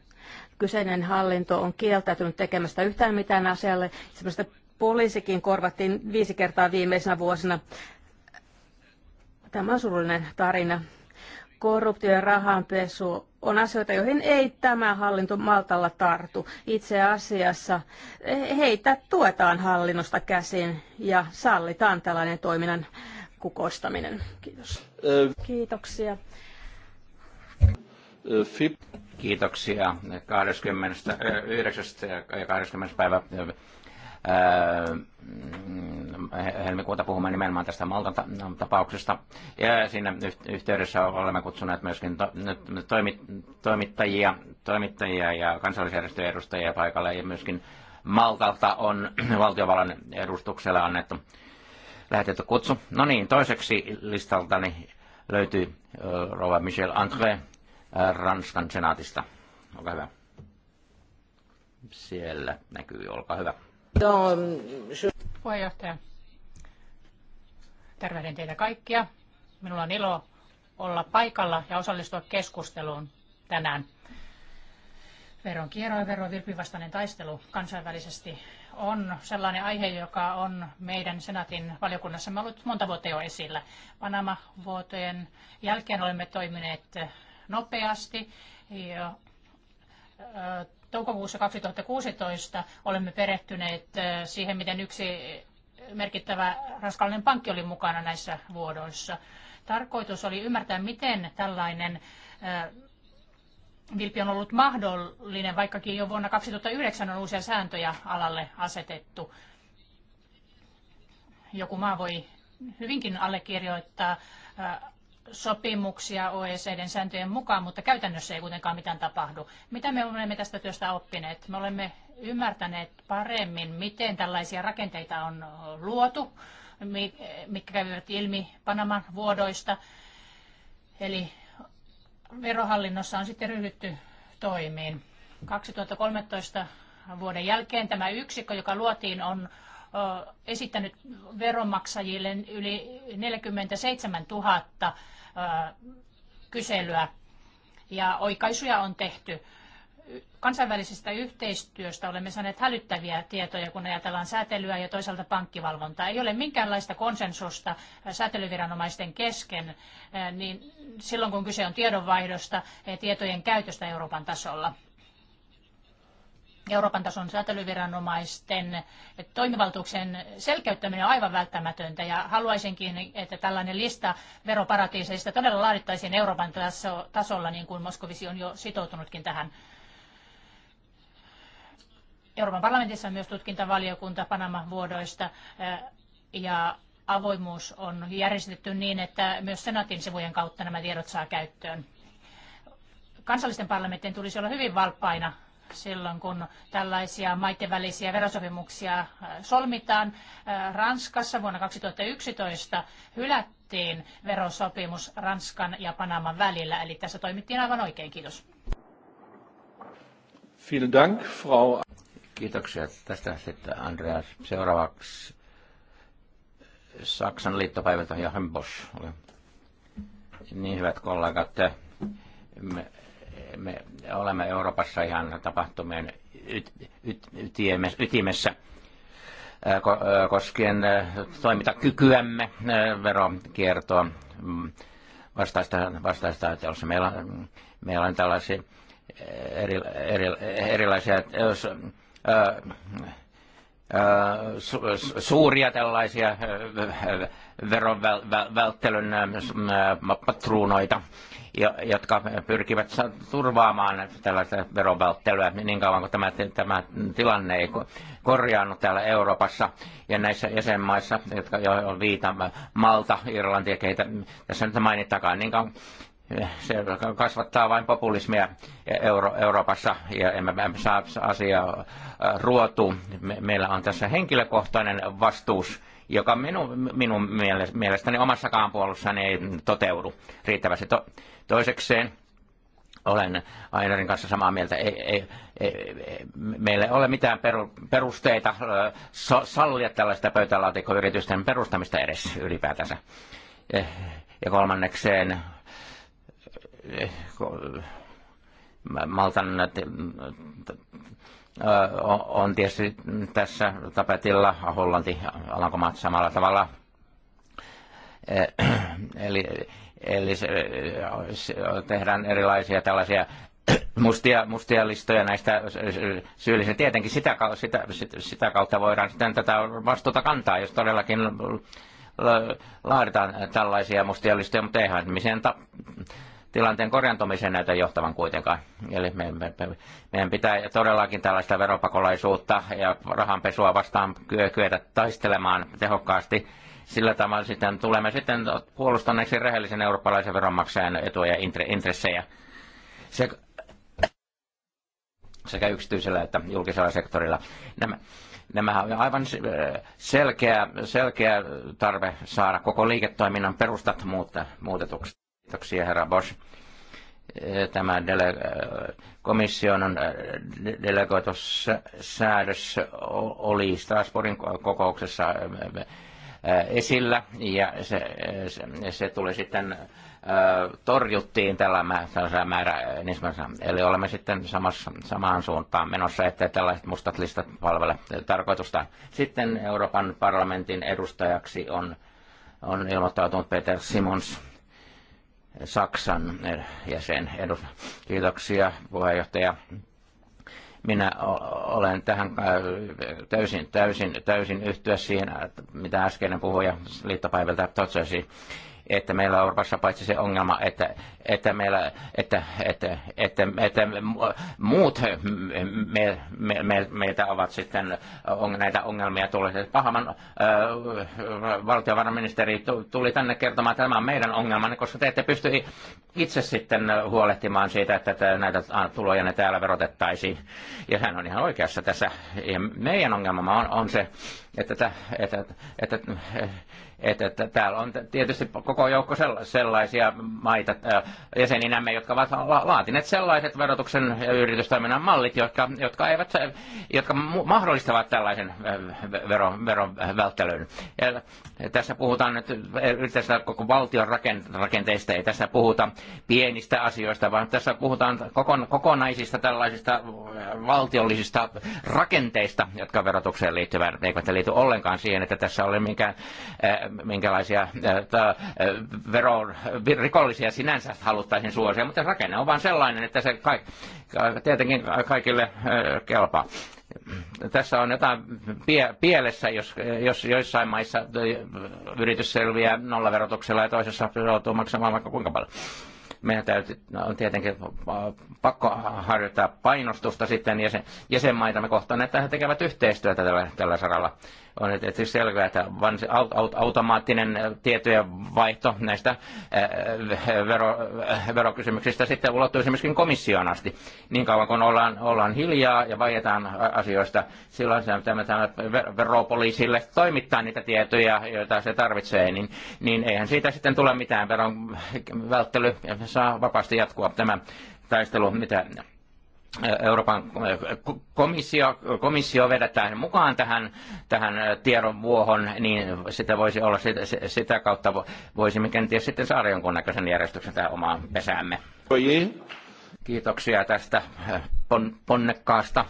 kyseinen hallinto on kieltäytynyt tekemästä yhtään mitään asialle. Sellaista poliisikin korvattiin viisi kertaa viimeisenä vuosina. Tämä on surullinen tarina. Korruptio ja rahanpesu on asioita, joihin ei tämä hallinto Maltalla tartu. Itse asiassa heitä tuetaan hallinnosta käsin ja sallitaan tällainen toiminnan kukoistaminen. Kiitos. Kiitoksia. Kiitoksia 29. ja 20. päivä helmikuuta puhumaan nimenomaan tästä Maltan tapauksesta. Ja siinä yhteydessä olemme kutsuneet myöskin to, toimittajia, toimittajia ja kansallisjärjestöjen edustajia paikalle ja myöskin Maltalta on valtiovallan edustuksella annettu lähetetty kutsu. No niin, toiseksi listaltani löytyy Rova Michel André, Äh, Ranskan senaatista. Olkaa hyvä. Siellä näkyy, olkaa hyvä. Puheenjohtaja, tervehdin teitä kaikkia. Minulla on ilo olla paikalla ja osallistua keskusteluun tänään. Veron kierro ja veron vilpivastainen taistelu kansainvälisesti on sellainen aihe, joka on meidän senaatin valiokunnassa ollut monta vuotta jo esillä. Panama-vuotojen jälkeen olemme toimineet nopeasti. Ja, toukokuussa 2016 olemme perehtyneet siihen, miten yksi merkittävä raskallinen pankki oli mukana näissä vuodoissa. Tarkoitus oli ymmärtää, miten tällainen vilpi on ollut mahdollinen, vaikkakin jo vuonna 2009 on uusia sääntöjä alalle asetettu. Joku maa voi hyvinkin allekirjoittaa sopimuksia OECDn sääntöjen mukaan, mutta käytännössä ei kuitenkaan mitään tapahdu. Mitä me olemme tästä työstä oppineet? Me olemme ymmärtäneet paremmin, miten tällaisia rakenteita on luotu, mitkä kävivät ilmi Panaman vuodoista. Eli verohallinnossa on sitten ryhdytty toimiin. 2013 vuoden jälkeen tämä yksikkö, joka luotiin, on esittänyt veronmaksajille yli 47 000 kyselyä ja oikaisuja on tehty. Kansainvälisestä yhteistyöstä olemme saaneet hälyttäviä tietoja, kun ajatellaan säätelyä ja toisaalta pankkivalvontaa. Ei ole minkäänlaista konsensusta säätelyviranomaisten kesken, niin silloin kun kyse on tiedonvaihdosta ja tietojen käytöstä Euroopan tasolla. Euroopan tason säätelyviranomaisten toimivaltuuksien selkeyttäminen on aivan välttämätöntä ja haluaisinkin, että tällainen lista veroparatiiseista todella laadittaisiin Euroopan tasolla, niin kuin Moskovisi on jo sitoutunutkin tähän. Euroopan parlamentissa on myös tutkintavaliokunta Panama-vuodoista eh, ja avoimuus on järjestetty niin, että myös senaatin sivujen kautta nämä tiedot saa käyttöön. Kansallisten parlamenttien tulisi olla hyvin valppaina silloin, kun tällaisia maiden välisiä verosopimuksia äh, solmitaan. Äh, Ranskassa vuonna 2011 hylättiin verosopimus Ranskan ja Panaman välillä, eli tässä toimittiin aivan oikein. Kiitos. Vielen Dank, Frau. Kiitoksia tästä sitten Andreas. Seuraavaksi Saksan liittopäivät Jochen Bosch. Niin hyvät kollegat, me, me olemme Euroopassa ihan tapahtumien yt, yt, ytimessä, koskien toimintakykyämme verokiertoa mm, vastaista, vastaista ajatelussa. Meillä, meillä on tällaisia eri, eri, erilaisia jos, ää, suuria tällaisia veron välttelyn patruunoita, jotka pyrkivät turvaamaan tällaista välttelyä niin kauan kuin tämä, tämä tilanne ei korjaannut täällä Euroopassa ja näissä jäsenmaissa, jotka jo on viita, Malta, Irlanti ja keitä tässä nyt mainittakaan, niin kauan se kasvattaa vain populismia Euro- Euroopassa ja emme saa asiaa ruotuun. meillä on tässä henkilökohtainen vastuus, joka minun, minun mielestäni omassakaan puolussani ei toteudu riittävästi. To- toisekseen olen Ainarin kanssa samaa mieltä. Ei, ei, ei, meillä ei ole mitään perusteita so- sallia tällaista pöytälaatikkoyritysten perustamista edes ylipäätänsä. Eh, ja kolmannekseen Maltan on tietysti tässä tapetilla Hollanti, Alankomaat samalla tavalla. Eli, eli se, tehdään erilaisia tällaisia mustia, mustia listoja näistä syyllisistä. Tietenkin sitä, sitä, sitä kautta voidaan sitten tätä vastuuta kantaa, jos todellakin laaditaan tällaisia mustia listoja, mutta eihän missään ta- tilanteen korjantumiseen näytä johtavan kuitenkaan. Eli me, me, me, meidän pitää todellakin tällaista veropakolaisuutta ja rahanpesua vastaan kyetä taistelemaan tehokkaasti. Sillä tavalla sitten tulemme sitten puolustaneeksi rehellisen eurooppalaisen veronmaksajan etuja ja intressejä sekä, sekä yksityisellä että julkisella sektorilla. Nämä, nämä on aivan selkeä, selkeä tarve saada koko liiketoiminnan perustat muutetuksi. Kiitoksia, herra Bosch. Eh, tämä dele- eh, komission eh, delegoitussäädös oli Strasbourgin kokouksessa esillä ja se, se, se tuli sitten torjuttiin tällä määrä, niin eli olemme sitten samassa, samaan suuntaan menossa, että tällaiset mustat listat palvele tarkoitusta. Sitten Euroopan parlamentin edustajaksi on, on ilmoittautunut Peter Simons. Saksan eh, jäsen. Kiitoksia puheenjohtaja. Minä olen tähän äh, täysin, täysin, täysin yhtyä siihen, mitä äskeinen puhuja liittopäiviltä totesi että meillä on Euroopassa paitsi se ongelma, että, että, meillä, että, että, että, että muut me, me, me, meitä ovat sitten on, näitä ongelmia tulleet. Pahaman äh, valtiovarainministeri tuli tänne kertomaan, että tämä on meidän ongelma, koska te ette pysty itse sitten huolehtimaan siitä, että näitä tuloja ne täällä verotettaisiin. Ja hän on ihan oikeassa tässä. Ja meidän ongelma on, on se, että, että, että, että et, että täällä on tietysti koko joukko sellaisia maita äh, jäseninämme, jotka ovat laatineet sellaiset verotuksen ja yritystoiminnan mallit, jotka, jotka, eivät, jotka mahdollistavat tällaisen äh, veron, veron äh, välttelyn. Ja tässä puhutaan nyt tässä koko valtion rakenteista, ei tässä puhuta pienistä asioista, vaan tässä puhutaan kokonaisista tällaisista valtiollisista rakenteista, jotka verotukseen liittyvät, eivät liity ollenkaan siihen, että tässä ole minkään minkälaisia veron, rikollisia sinänsä haluttaisiin suosia, mutta rakenne on vain sellainen, että se kaik, tietenkin kaikille kelpaa. Tässä on jotain pie, pielessä, jos, jos joissain maissa yritys selviää nollaverotuksella ja toisessa joutuu maksamaan vaikka kuinka paljon meidän täytyy, no, on tietenkin pakko harjoittaa painostusta sitten jäsen, jäsenmaitamme kohtaan, että he tekevät yhteistyötä tällä, tällä saralla on tietysti selvää, että automaattinen tietojen vaihto näistä eh, eh, vero, eh, verokysymyksistä sitten ulottuu myöskin komissioon asti. Niin kauan kun ollaan, ollaan hiljaa ja vaietaan asioista, silloin se, tämä me veropoliisille toimittaa niitä tietoja, joita se tarvitsee, niin, niin eihän siitä sitten tule mitään. Veron välttely ja saa vapaasti jatkua tämä taistelu, mitä Euroopan eh, komissio, komissio vedetään mukaan tähän, tähän eh, tiedonvuohon, niin sitä voisi olla sitä, sitä kautta voisimme kenties sitten saada jonkunnäköisen järjestyksen tähän omaan pesäämme. Kiitoksia tästä eh, pon, ponnekkaasta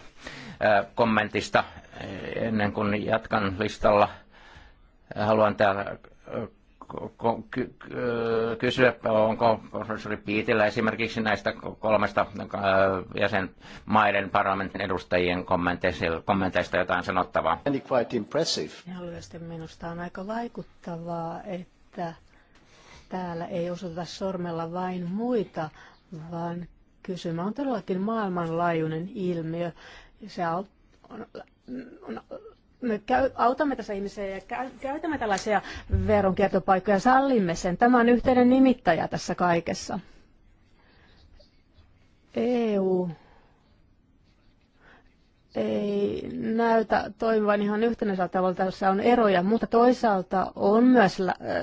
kommentista. Ennen kuin jatkan listalla, haluan täällä Äh, kysyä, onko professori Piitillä esimerkiksi näistä kolmesta äh, jäsenmaiden parlamentin edustajien kommenteista jotain sanottavaa? Ihan minusta on aika vaikuttavaa, että täällä ei osoiteta sormella vain muita, vaan kysymä on todellakin maailmanlaajuinen ilmiö. Se on me käy, autamme tässä ihmisiä ja käytämme tällaisia veronkiertopaikkoja, sallimme sen. Tämä on yhteinen nimittäjä tässä kaikessa. EU ei näytä toimivan ihan yhtenäisellä tavalla. Tässä on eroja, mutta toisaalta on myös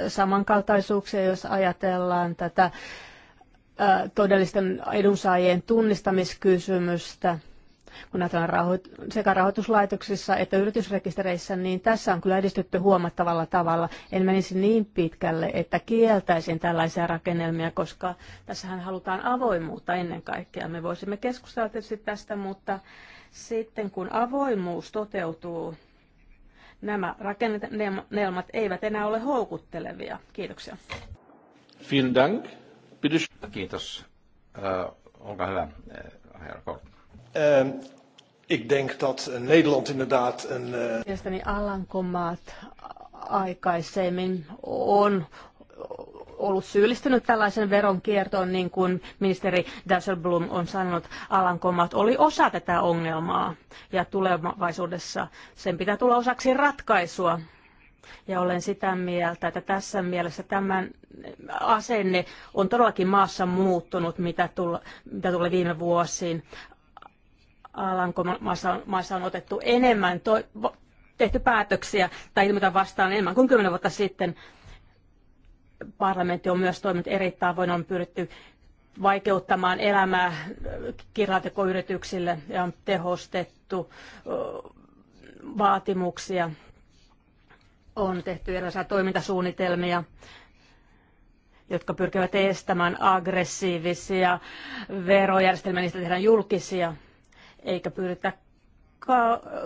samankaltaisuuksia, jos ajatellaan tätä todellisten edunsaajien tunnistamiskysymystä – kun näitä rahoit- sekä rahoituslaitoksissa että yritysrekistereissä, niin tässä on kyllä edistytty huomattavalla tavalla. En menisi niin pitkälle, että kieltäisin tällaisia rakennelmia, koska tässähän halutaan avoimuutta ennen kaikkea. Me voisimme keskustella tietysti tästä, mutta sitten kun avoimuus toteutuu, nämä rakennelmat eivät enää ole houkuttelevia. Kiitoksia. Vielen Dank. Kiitos. Äh, olkaa hyvä, äh, herra Kort. Ehm, ik denk dat eh, Nederland inderdaad een... Eh, Mielestäni Alankomaat aikaisemmin on ollut syyllistynyt tällaisen veronkiertoon, niin kuin ministeri Dasselblom on sanonut, Alankomaat oli osa tätä ongelmaa ja tulevaisuudessa sen pitää tulla osaksi ratkaisua. Ja olen sitä mieltä, että tässä mielessä tämän asenne on todellakin maassa muuttunut, mitä, tulla, mitä tulee viime vuosiin. Alankomaissa on otettu enemmän, to, tehty päätöksiä tai ilmoita vastaan enemmän kuin kymmenen vuotta sitten. Parlamentti on myös toiminut eri tavoin, on pyritty vaikeuttamaan elämää kirjatekoyrityksille ja on tehostettu vaatimuksia. On tehty erilaisia toimintasuunnitelmia, jotka pyrkivät estämään aggressiivisia verojärjestelmiä, niistä tehdään julkisia eikä pyritä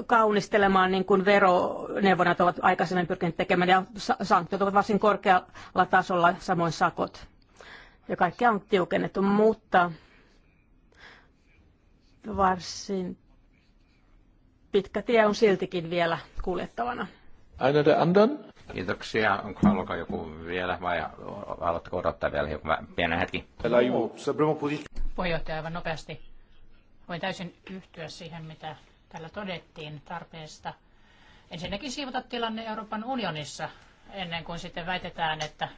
kaunistelemaan, niin kuin veroneuvonat ovat aikaisemmin pyrkineet tekemään, ja sanktiot ovat varsin korkealla tasolla, samoin sakot. Ja kaikkea on tiukennettu, mutta varsin pitkä tie on siltikin vielä kuljettavana. Aina de andan. Kiitoksia. Onko haluaako joku vielä vai haluatteko odottaa vielä hiukan pienen hetki? Puheenjohtaja aivan nopeasti Voin täysin yhtyä siihen, mitä täällä todettiin tarpeesta ensinnäkin siivota tilanne Euroopan unionissa ennen kuin sitten väitetään, että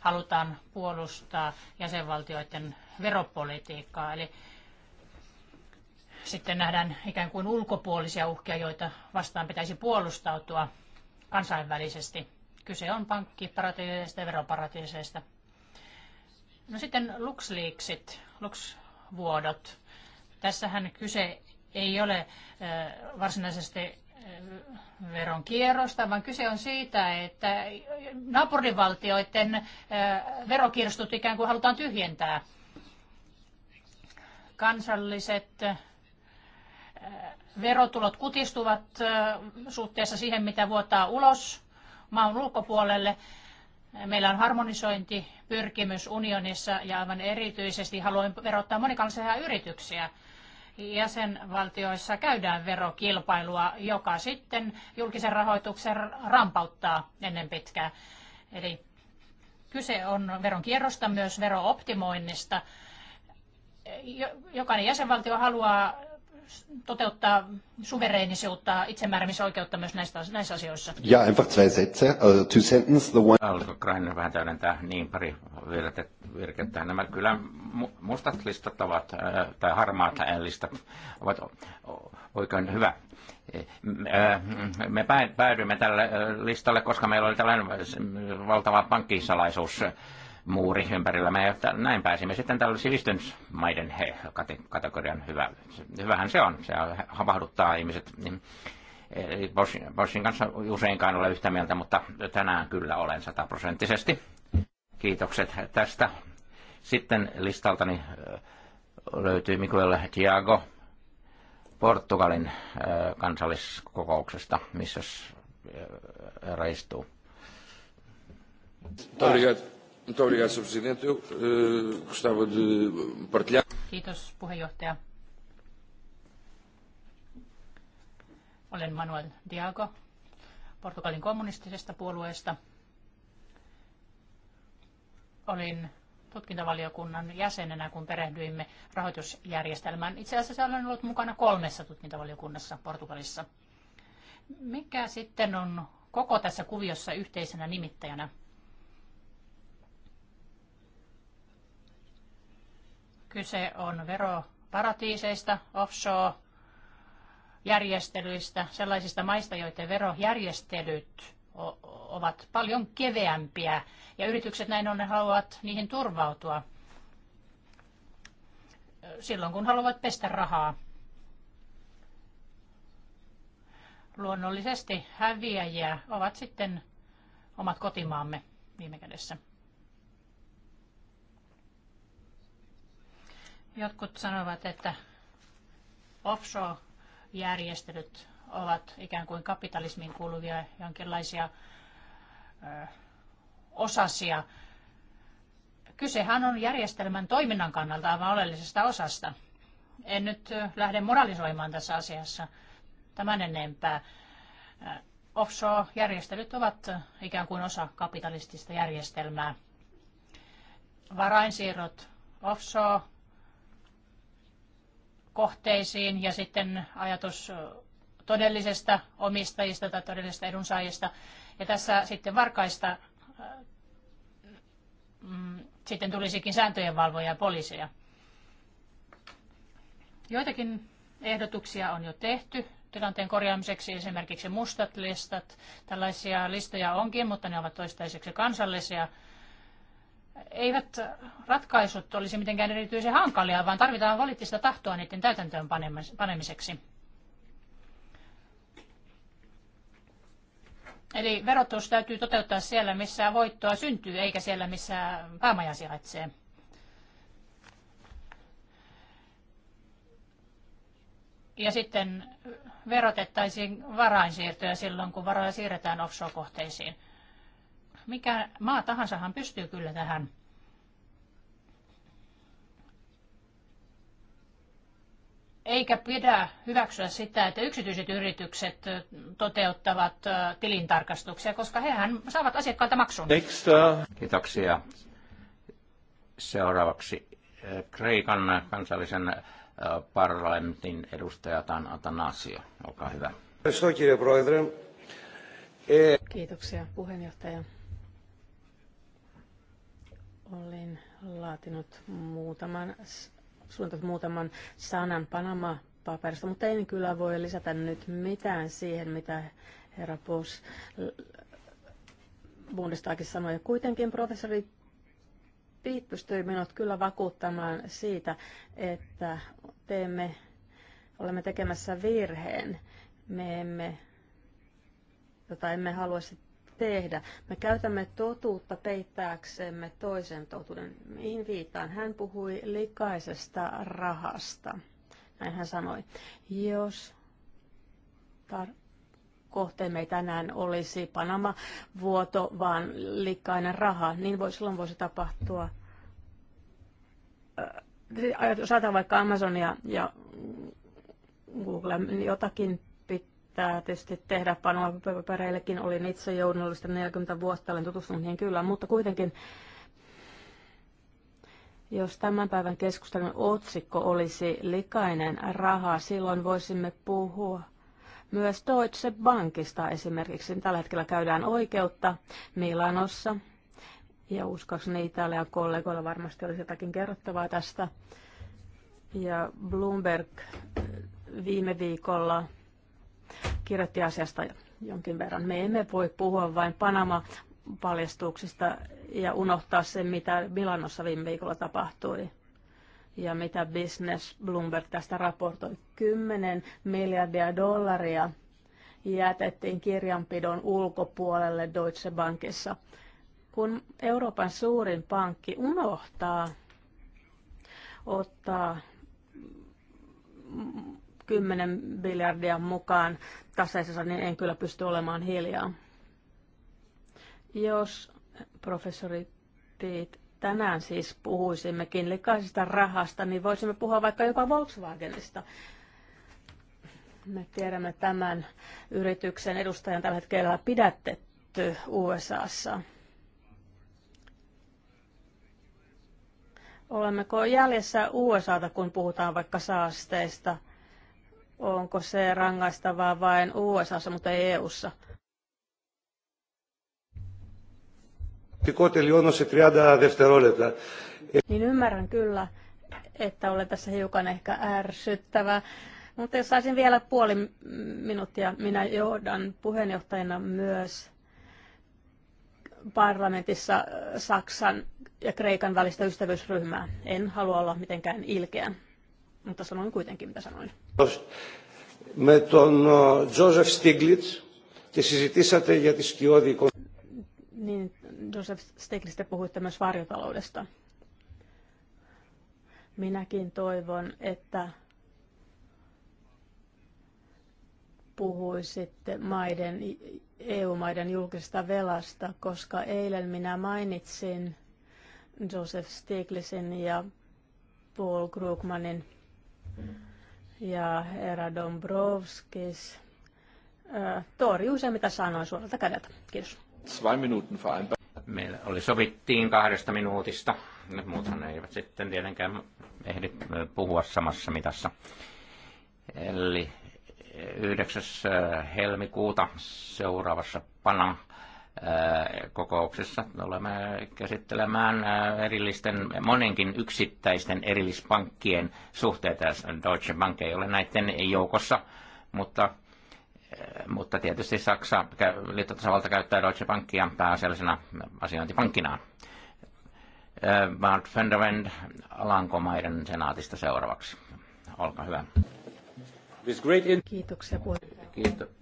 halutaan puolustaa jäsenvaltioiden veropolitiikkaa. Eli sitten nähdään ikään kuin ulkopuolisia uhkia, joita vastaan pitäisi puolustautua kansainvälisesti. Kyse on pankkiparatiiseista ja veroparatiiseista. No sitten LuxLeaksit, LuxVuodot. Tässähän kyse ei ole varsinaisesti veron kierrosta, vaan kyse on siitä, että naapurivaltioiden verokirstut ikään kuin halutaan tyhjentää. Kansalliset verotulot kutistuvat suhteessa siihen, mitä vuotaa ulos maan ulkopuolelle. Meillä on harmonisointipyrkimys unionissa ja aivan erityisesti haluan verottaa monikansallisia yrityksiä – jäsenvaltioissa käydään verokilpailua, joka sitten julkisen rahoituksen rampauttaa ennen pitkää. Eli kyse on veronkierrosta myös verooptimoinnista. Jokainen jäsenvaltio haluaa toteuttaa suvereenisuutta, itsemääräämisoikeutta myös näissä näissä asioissa? Ja, einfach zwei Sätze, also two sentences. The one... Haluatko Krainen vähän täydentää niin pari virkettä? Nämä kyllä mustat listat ovat, tai harmaat listat ovat oikein hyvä. E, me päädyimme tälle listalle, koska meillä oli tällainen valtava pankkisalaisuus muuri ympärillä. että näin pääsimme sitten tällä sivistysmaiden kategorian hyvä. Hyvähän se on. Se havahduttaa ihmiset. Niin, Bossin kanssa useinkaan ole yhtä mieltä, mutta tänään kyllä olen sataprosenttisesti. Kiitokset tästä. Sitten listaltani löytyy Miguel Diago Portugalin kansalliskokouksesta, missä herra istuu. Obrigado. Muito obrigado, Sr. Presidente. Eu uh, gostava de partilhar. Kiitos, puheenjohtaja. Olen Manuel Diago Portugalin kommunistisesta puolueesta. Olin tutkintavaliokunnan jäsenenä, kun perehdyimme rahoitusjärjestelmään. Itse asiassa olen ollut mukana kolmessa tutkintavaliokunnassa Portugalissa. Mikä sitten on koko tässä kuviossa yhteisenä nimittäjänä? Kyse on veroparatiiseista, offshore-järjestelyistä, sellaisista maista, joiden verojärjestelyt ovat paljon keveämpiä ja yritykset näin on, ne haluavat niihin turvautua silloin, kun haluavat pestä rahaa. Luonnollisesti häviäjiä ovat sitten omat kotimaamme viime kädessä. Jotkut sanovat, että offshore-järjestelyt ovat ikään kuin kapitalismiin kuuluvia jonkinlaisia ö, osasia. Kysehän on järjestelmän toiminnan kannalta aivan oleellisesta osasta. En nyt lähde moralisoimaan tässä asiassa tämän enempää. Offshore-järjestelyt ovat ikään kuin osa kapitalistista järjestelmää. Varainsiirrot offshore kohteisiin ja sitten ajatus todellisesta omistajista tai todellisesta edunsaajista. Ja tässä sitten varkaista mm, sitten tulisikin valvoja ja poliiseja. Joitakin ehdotuksia on jo tehty tilanteen korjaamiseksi, esimerkiksi mustat listat. Tällaisia listoja onkin, mutta ne ovat toistaiseksi kansallisia eivät ratkaisut olisi mitenkään erityisen hankalia, vaan tarvitaan poliittista tahtoa niiden täytäntöön panemiseksi. Eli verotus täytyy toteuttaa siellä, missä voittoa syntyy, eikä siellä, missä päämaja sijaitsee. Ja sitten verotettaisiin varainsiirtoja silloin, kun varoja siirretään offshore-kohteisiin mikä maa tahansahan pystyy kyllä tähän. Eikä pidä hyväksyä sitä, että yksityiset yritykset toteuttavat tilintarkastuksia, koska hehän saavat asiakkaalta maksun. Kiitoksia. Seuraavaksi Kreikan kansallisen parlamentin edustaja Tan Atanasio. Olkaa hyvä. Kiitoksia puheenjohtaja. Olin laatinut muutaman, suunnitellut muutaman sanan Panama-paperista, mutta en kyllä voi lisätä nyt mitään siihen, mitä herra Bush Bundestagissa sanoi. Ja kuitenkin professori Piit pystyi minut kyllä vakuuttamaan siitä, että teemme, olemme tekemässä virheen. Me emme, jota emme haluaisi tehdä. Me käytämme totuutta peittääksemme toisen totuuden. Mihin viittaan? Hän puhui likaisesta rahasta. Näin hän sanoi. Jos tar- kohteemme ei tänään olisi Panama-vuoto, vaan likainen raha, niin voi, silloin voisi tapahtua äh, siis jos ajatellaan vaikka Amazonia ja Google, niin jotakin pitää tietysti tehdä panopapereillekin. Olin itse journalista 40 vuotta, olen tutustunut niihin kyllä, mutta kuitenkin jos tämän päivän keskustelun otsikko olisi likainen raha, silloin voisimme puhua myös Deutsche Bankista esimerkiksi. Tällä hetkellä käydään oikeutta Milanossa ja uskoakseni Italian kollegoilla varmasti olisi jotakin kerrottavaa tästä. Ja Bloomberg eh, viime viikolla kirjoitti asiasta jonkin verran. Me emme voi puhua vain Panama-paljastuksista ja unohtaa sen, mitä Milanossa viime viikolla tapahtui ja mitä Business Bloomberg tästä raportoi. 10 miljardia dollaria jätettiin kirjanpidon ulkopuolelle Deutsche Bankissa. Kun Euroopan suurin pankki unohtaa ottaa 10 miljardia mukaan taseessa, niin en kyllä pysty olemaan hiljaa. Jos professori Tiit tänään siis puhuisimmekin likaisesta rahasta, niin voisimme puhua vaikka jopa Volkswagenista. Me tiedämme tämän yrityksen edustajan tällä hetkellä pidätetty USAssa. Olemmeko jäljessä USAta, kun puhutaan vaikka saasteista – onko se rangaistavaa vain USAssa, mutta ei EUssa. Niin ymmärrän kyllä, että olen tässä hiukan ehkä ärsyttävä. Mutta jos saisin vielä puoli minuuttia, minä johdan puheenjohtajana myös parlamentissa Saksan ja Kreikan välistä ystävyysryhmää. En halua olla mitenkään ilkeä. Mutta sanoin kuitenkin, mitä sanoin. Με τον Τζόζεφ Στίγλιτς τη συζητήσατε για τη σκιώδη οικονομία. Niin, Joseph Stiglitz, te puhuitte myös varjotaloudesta. Minäkin toivon, että puhuisitte maiden, EU-maiden julkisesta velasta, koska eilen minä mainitsin Joseph Stiglitzin ja Paul Krugmanin ja herra Dombrovskis äh, Tori, se, mitä sanoin suoralta kädeltä. Kiitos. Meillä oli sovittiin kahdesta minuutista. Muuthan eivät sitten tietenkään ehdi puhua samassa mitassa. Eli 9. helmikuuta seuraavassa pana kokouksessa olemme käsittelemään erillisten, monenkin yksittäisten erillispankkien suhteita. Deutsche Bank ei ole näiden joukossa, mutta, mutta tietysti Saksa, liittotasavalta käyttää Deutsche Bankia pääasiallisena asiointipankkinaan. Bart Fenderwend Alankomaiden senaatista seuraavaksi. Olkaa hyvä. Kiitoksia Kiitos.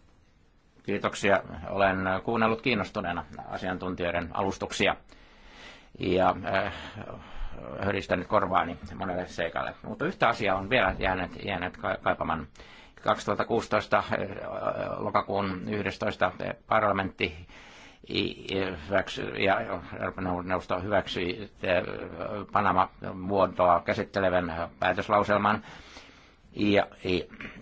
Kiitoksia. Olen kuunnellut kiinnostuneena asiantuntijoiden alustuksia ja äh, höristänyt korvaani monelle seikalle. Mutta yhtä asiaa on vielä jäänyt, jäänyt kaipaman. 2016 äh, lokakuun 11. Äh, parlamentti ja Euroopan neuvosto hyväksyi äh, Panama-vuotoa käsittelevän päätöslauselman ja,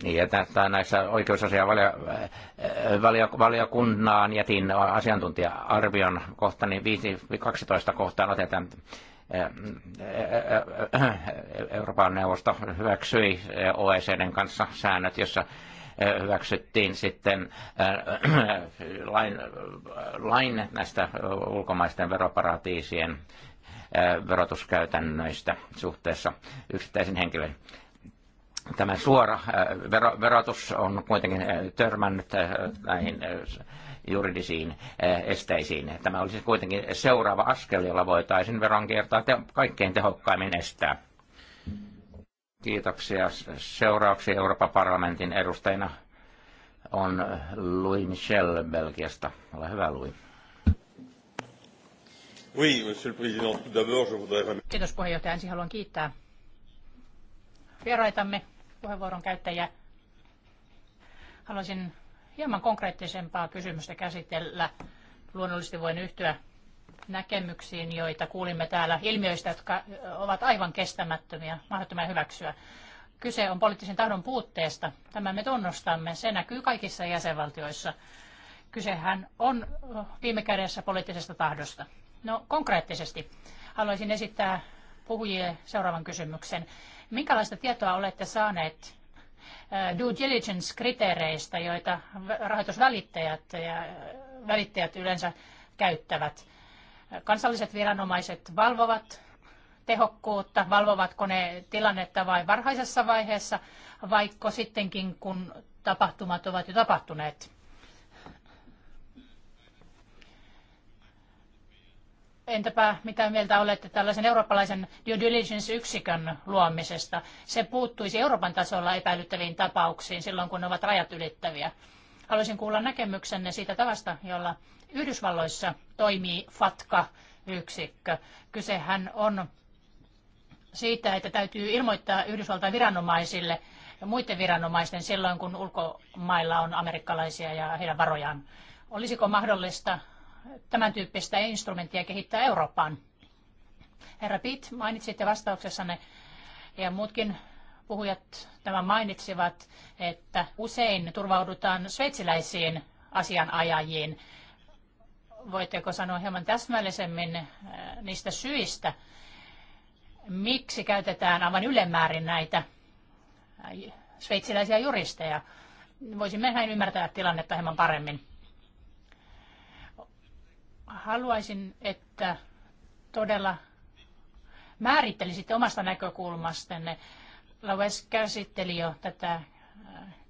ja, ja näissä oikeusasiavaliokunnaan jätin asiantuntija-arvion kohta, niin 5, 12 kohtaan otetaan Euroopan neuvosto hyväksyi OECDn kanssa säännöt, jossa hyväksyttiin sitten lain, lain näistä ulkomaisten veroparatiisien verotuskäytännöistä suhteessa yksittäisiin henkilöihin tämä suora äh, verotus on kuitenkin äh, törmännyt äh, näihin juridisiin esteisiin. Tämä olisi kuitenkin seuraava askel, jolla voitaisiin veronkiertoa te- kaikkein tehokkaimmin estää. Kiitoksia. Seuraavaksi Euroopan parlamentin edustajana on Louis Michel Belgiasta. Ole hyvä, Louis. Oui, monsieur le président. Tout d'abord, je voudrais... Kiitos puheenjohtaja. Ensin haluan kiittää vieraitamme puheenvuoron käyttäjä. Haluaisin hieman konkreettisempaa kysymystä käsitellä. Luonnollisesti voin yhtyä näkemyksiin, joita kuulimme täällä ilmiöistä, jotka ovat aivan kestämättömiä, mahdottomia hyväksyä. Kyse on poliittisen tahdon puutteesta. Tämä me tunnustamme. Se näkyy kaikissa jäsenvaltioissa. Kysehän on viime kädessä poliittisesta tahdosta. No konkreettisesti haluaisin esittää puhujille seuraavan kysymyksen. Minkälaista tietoa olette saaneet äh, due diligence-kriteereistä, joita rahoitusvälittäjät ja äh, välittäjät yleensä käyttävät? Kansalliset viranomaiset valvovat tehokkuutta, valvovatko ne tilannetta vain varhaisessa vaiheessa, vaikka sittenkin kun tapahtumat ovat jo tapahtuneet. Entäpä mitä mieltä olette tällaisen eurooppalaisen due diligence-yksikön luomisesta? Se puuttuisi Euroopan tasolla epäilyttäviin tapauksiin silloin, kun ne ovat rajat ylittäviä. Haluaisin kuulla näkemyksenne siitä tavasta, jolla Yhdysvalloissa toimii FATCA-yksikkö. Kysehän on siitä, että täytyy ilmoittaa Yhdysvaltain viranomaisille ja muiden viranomaisten silloin, kun ulkomailla on amerikkalaisia ja heidän varojaan. Olisiko mahdollista tämän tyyppistä instrumenttia kehittää Eurooppaan. Herra Pitt, mainitsitte vastauksessanne ja muutkin puhujat tämän mainitsivat, että usein turvaudutaan sveitsiläisiin asianajajiin. Voitteko sanoa hieman täsmällisemmin äh, niistä syistä, miksi käytetään aivan ylemmäärin näitä äh, sveitsiläisiä juristeja? Voisimme näin ymmärtää tilannetta hieman paremmin. Haluaisin, että todella määrittelisitte omasta näkökulmastanne. Laves käsitteli jo tätä äh,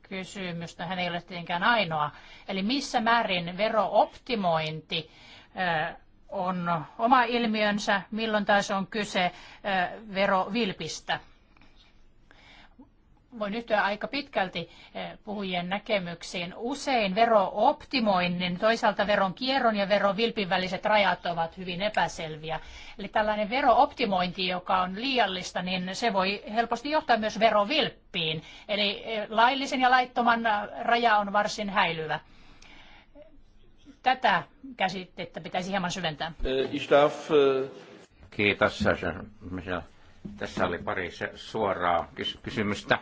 kysymystä, hän ei ole tietenkään ainoa. Eli missä määrin verooptimointi äh, on oma ilmiönsä, milloin taas on kyse äh, verovilpistä? voin yhtyä aika pitkälti eh, puhujien näkemyksiin. Usein verooptimoinnin, toisaalta veron kierron ja verovilpin väliset rajat ovat hyvin epäselviä. Eli tällainen verooptimointi, joka on liiallista, niin se voi helposti johtaa myös verovilppiin. Eli eh, laillisen ja laittoman eh, raja on varsin häilyvä. Tätä käsitettä pitäisi hieman syventää. Kiitos. Tässä oli pari suoraa kysymystä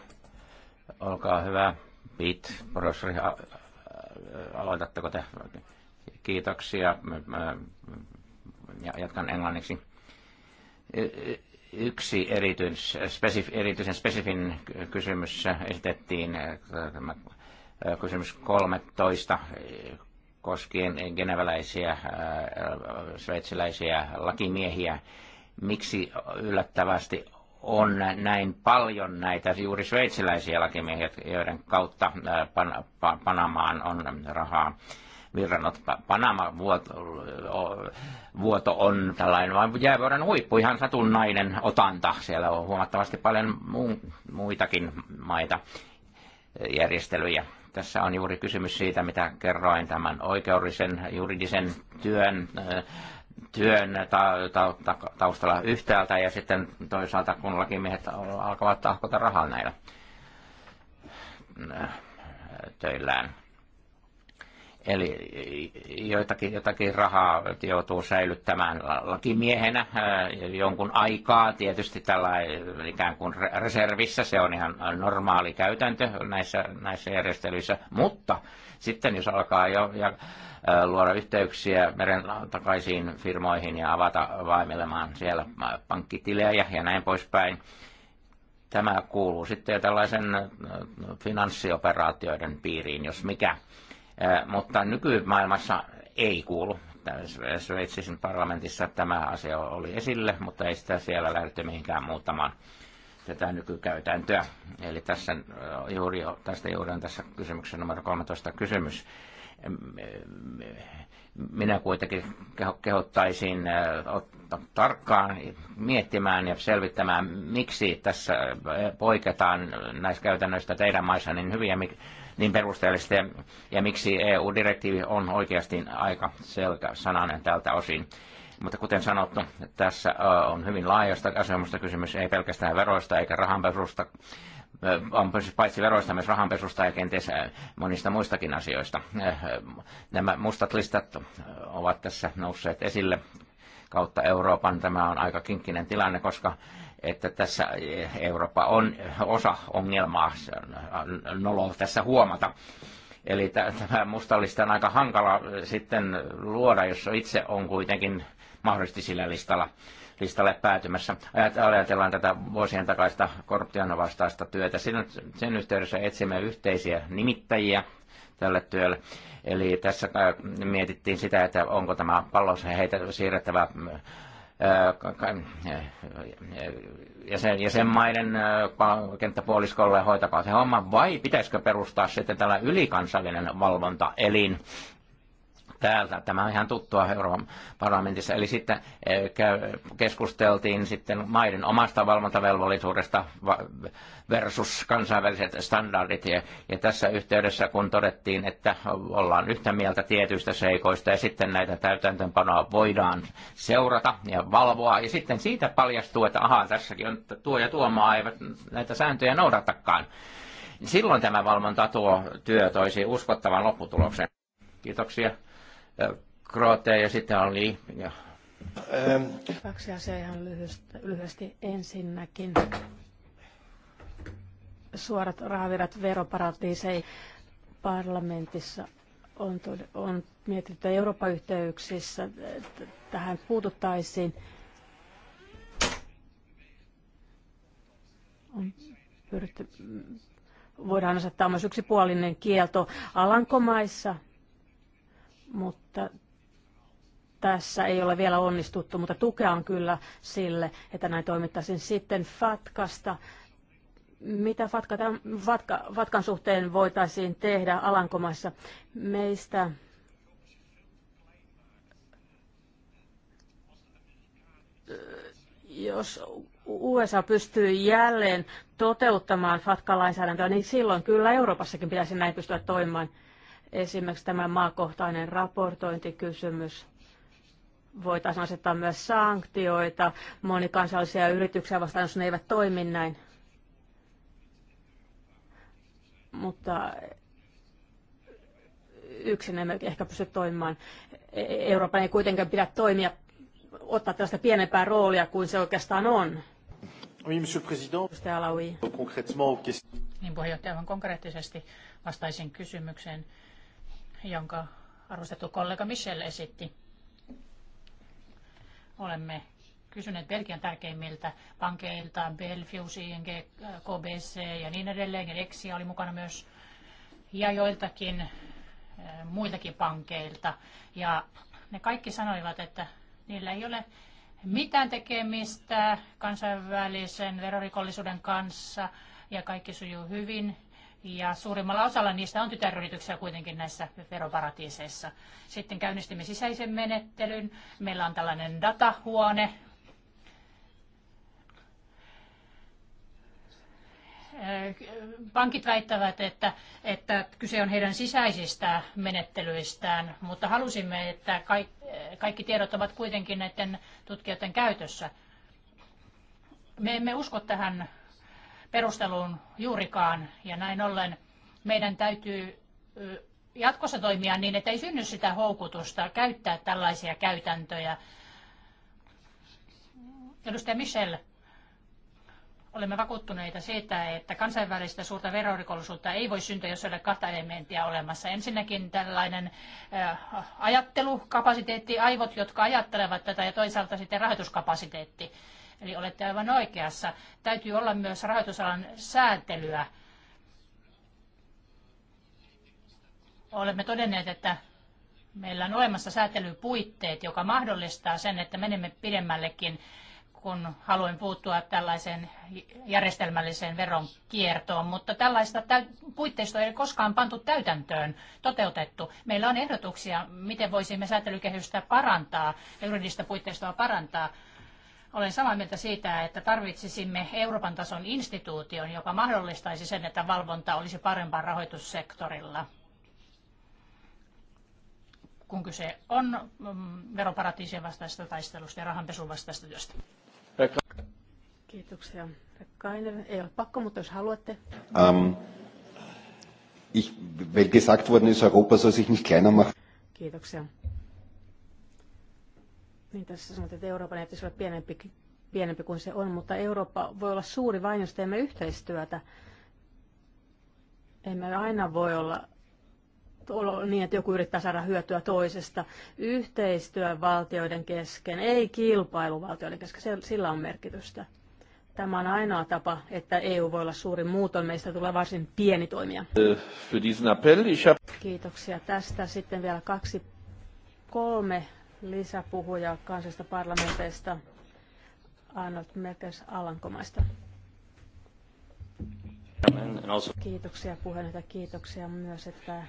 Olkaa hyvä. Pit, professori, aloitatteko te? Kiitoksia. Jatkan englanniksi. Yksi erityis, spesif, erityisen spesifin kysymys esitettiin, äh, äh, kysymys 13, koskien geneväläisiä, äh, sveitsiläisiä lakimiehiä. Miksi yllättävästi on näin paljon näitä juuri sveitsiläisiä lakimiehiä, joiden kautta äh, pan, pan, Panamaan on rahaa virrannut. Panama vuoto on tällainen vain jäävuoren huippu, ihan satunnainen otanta. Siellä on huomattavasti paljon muitakin maita äh, järjestelyjä. Tässä on juuri kysymys siitä, mitä kerroin tämän oikeudellisen juridisen työn äh, työn taustalla yhtäältä ja sitten toisaalta kun lakimiehet alkavat tahkota rahaa näillä äh, töillään. Eli joitakin, jotakin rahaa joutuu säilyttämään lakimiehenä äh, jonkun aikaa, tietysti tällä ikään kuin reservissä, se on ihan normaali käytäntö näissä, näissä järjestelyissä, mutta sitten jos alkaa jo ja luoda yhteyksiä meren takaisiin firmoihin ja avata vaimelemaan siellä pankkitilejä ja näin poispäin. Tämä kuuluu sitten tällaisen finanssioperaatioiden piiriin, jos mikä. Mutta nykymaailmassa ei kuulu. Sveitsin parlamentissa tämä asia oli esille, mutta ei sitä siellä lähdetty mihinkään muuttamaan tätä nykykäytäntöä. Eli tässä juuri, tästä juuri on tässä kysymyksen numero 13 kysymys minä kuitenkin kehottaisin äh, tarkkaan miettimään ja selvittämään, miksi tässä äh, poiketaan näistä käytännöistä teidän maissa niin hyviä niin perusteellisesti ja, ja miksi EU-direktiivi on oikeasti aika selkäsanainen tältä osin. Mutta kuten sanottu, tässä äh, on hyvin laajasta asemasta kysymys, ei pelkästään veroista eikä rahanpesusta, on paitsi veroista myös rahanpesusta ja kenties monista muistakin asioista. Nämä mustat listat ovat tässä nousseet esille kautta Euroopan. Tämä on aika kinkkinen tilanne, koska että tässä Eurooppa on osa ongelmaa, se on nolo tässä huomata. Eli tämä mustalista on aika hankala sitten luoda, jos itse on kuitenkin mahdollisesti sillä listalla listalle päätymässä. Ajatellaan tätä vuosien takaista korruption vastaista työtä. Sen yhteydessä etsimme yhteisiä nimittäjiä tälle työlle. Eli tässä äh, mietittiin sitä, että onko tämä pallossa heitä siirrettävä äh, äh, jäsenmaiden kenttäpuoliskolle hoitakaa se homma, vai pitäisikö perustaa sitten tällä ylikansallinen valvontaelin, täältä. Tämä on ihan tuttua Euroopan parlamentissa. Eli sitten eh, keskusteltiin sitten maiden omasta valvontavelvollisuudesta versus kansainväliset standardit. Ja, tässä yhteydessä kun todettiin, että ollaan yhtä mieltä tietyistä seikoista ja sitten näitä täytäntöönpanoa voidaan seurata ja valvoa. Ja sitten siitä paljastuu, että ahaa, tässäkin on tuo ja tuo maa eivät näitä sääntöjä noudatakaan. Silloin tämä valvonta tuo työ toisi uskottavan lopputuloksen. Kiitoksia. Kroatia ja sitten oli... Ja. Ähm. Kaksi asiaa ihan lyhyesti, lyhyesti ensinnäkin. Suorat rahavirat veroparatiiseihin parlamentissa on, on mietitty, että Euroopan yhteyksissä tähän puututtaisiin. On pyritty, voidaan asettaa myös yksipuolinen kielto Alankomaissa – mutta tässä ei ole vielä onnistuttu, mutta tukea on kyllä sille, että näin toimittaisin Sitten FATKasta. Mitä FATKA, FATKA, FATKan suhteen voitaisiin tehdä Alankomaissa? Meistä jos USA pystyy jälleen toteuttamaan FATKA-lainsäädäntöä, niin silloin kyllä Euroopassakin pitäisi näin pystyä toimimaan. Esimerkiksi tämä maakohtainen raportointikysymys. Voitaisiin asettaa myös sanktioita monikansallisia yrityksiä vastaan, jos ne eivät toimi näin. Mutta yksin emme ehkä pysty toimimaan. E-, e-, Euroopan ei kuitenkaan pidä toimia, ottaa tällaista pienempää roolia kuin se oikeastaan on. Oui, monsieur le président. Niin puheenjohtaja, aivan konkreettisesti vastaisin kysymykseen, jonka arvostettu kollega Michel esitti. Olemme kysyneet Belgian tärkeimmiltä pankeilta, Belfius, ING, KBC ja niin edelleen, ja Dexia oli mukana myös, ja joiltakin eh, muiltakin pankeilta. Ja ne kaikki sanoivat, että niillä ei ole mitään tekemistä kansainvälisen verorikollisuuden kanssa, ja kaikki sujuu hyvin, ja suurimmalla osalla niistä on tytäryrityksiä kuitenkin näissä veroparatiiseissa. Sitten käynnistimme sisäisen menettelyn. Meillä on tällainen datahuone. Pankit väittävät, että, että kyse on heidän sisäisistä menettelyistään, mutta halusimme, että kaikki, kaikki tiedot ovat kuitenkin näiden tutkijoiden käytössä. Me emme usko tähän perusteluun juurikaan. Ja näin ollen meidän täytyy jatkossa toimia niin, että ei synny sitä houkutusta käyttää tällaisia käytäntöjä. Edustaja Michel, olemme vakuuttuneita siitä, että kansainvälistä suurta verorikollisuutta ei voi syntyä, jos ei ole kahta elementtiä olemassa. Ensinnäkin tällainen ajattelukapasiteetti, aivot, jotka ajattelevat tätä, ja toisaalta sitten rahoituskapasiteetti. Eli olette aivan oikeassa. Täytyy olla myös rahoitusalan sääntelyä. Olemme todenneet, että meillä on olemassa säätelypuitteet, joka mahdollistaa sen, että menemme pidemmällekin, kun haluan puuttua tällaiseen järjestelmälliseen kiertoon, mutta tällaista puitteista puitteistoa ei koskaan pantu täytäntöön, toteutettu. Meillä on ehdotuksia, miten voisimme säätelykehystä parantaa ja juridista puitteistoa parantaa. Olen samaa mieltä siitä, että tarvitsisimme Euroopan tason instituution, joka mahdollistaisi sen, että valvonta olisi parempaa rahoitussektorilla, kun kyse on mm, veroparatiisien vastaista taistelusta ja rahanpesun vastaista työstä. Kiitoksia. Rekkainen, ei ole pakko, mutta jos haluatte. Um, ich, weil gesagt worden ist, Europa soll sich nicht kleiner machen. Kiitoksia. Niin tässä sanoit, että Euroopan ei pitäisi olla pienempi, pienempi kuin se on, mutta Eurooppa voi olla suuri vain, jos teemme yhteistyötä. Emme aina voi olla niin, että joku yrittää saada hyötyä toisesta. Yhteistyö valtioiden kesken, ei kilpailu valtioiden kesken, sillä on merkitystä. Tämä on ainoa tapa, että EU voi olla suuri muuton. Meistä tulee varsin pieni toimija. Kiitoksia tästä. Sitten vielä kaksi, kolme lisäpuhuja kansallisesta parlamenteista Arnold mekes Alankomaista. Kiitoksia puheenjohtaja, kiitoksia myös, että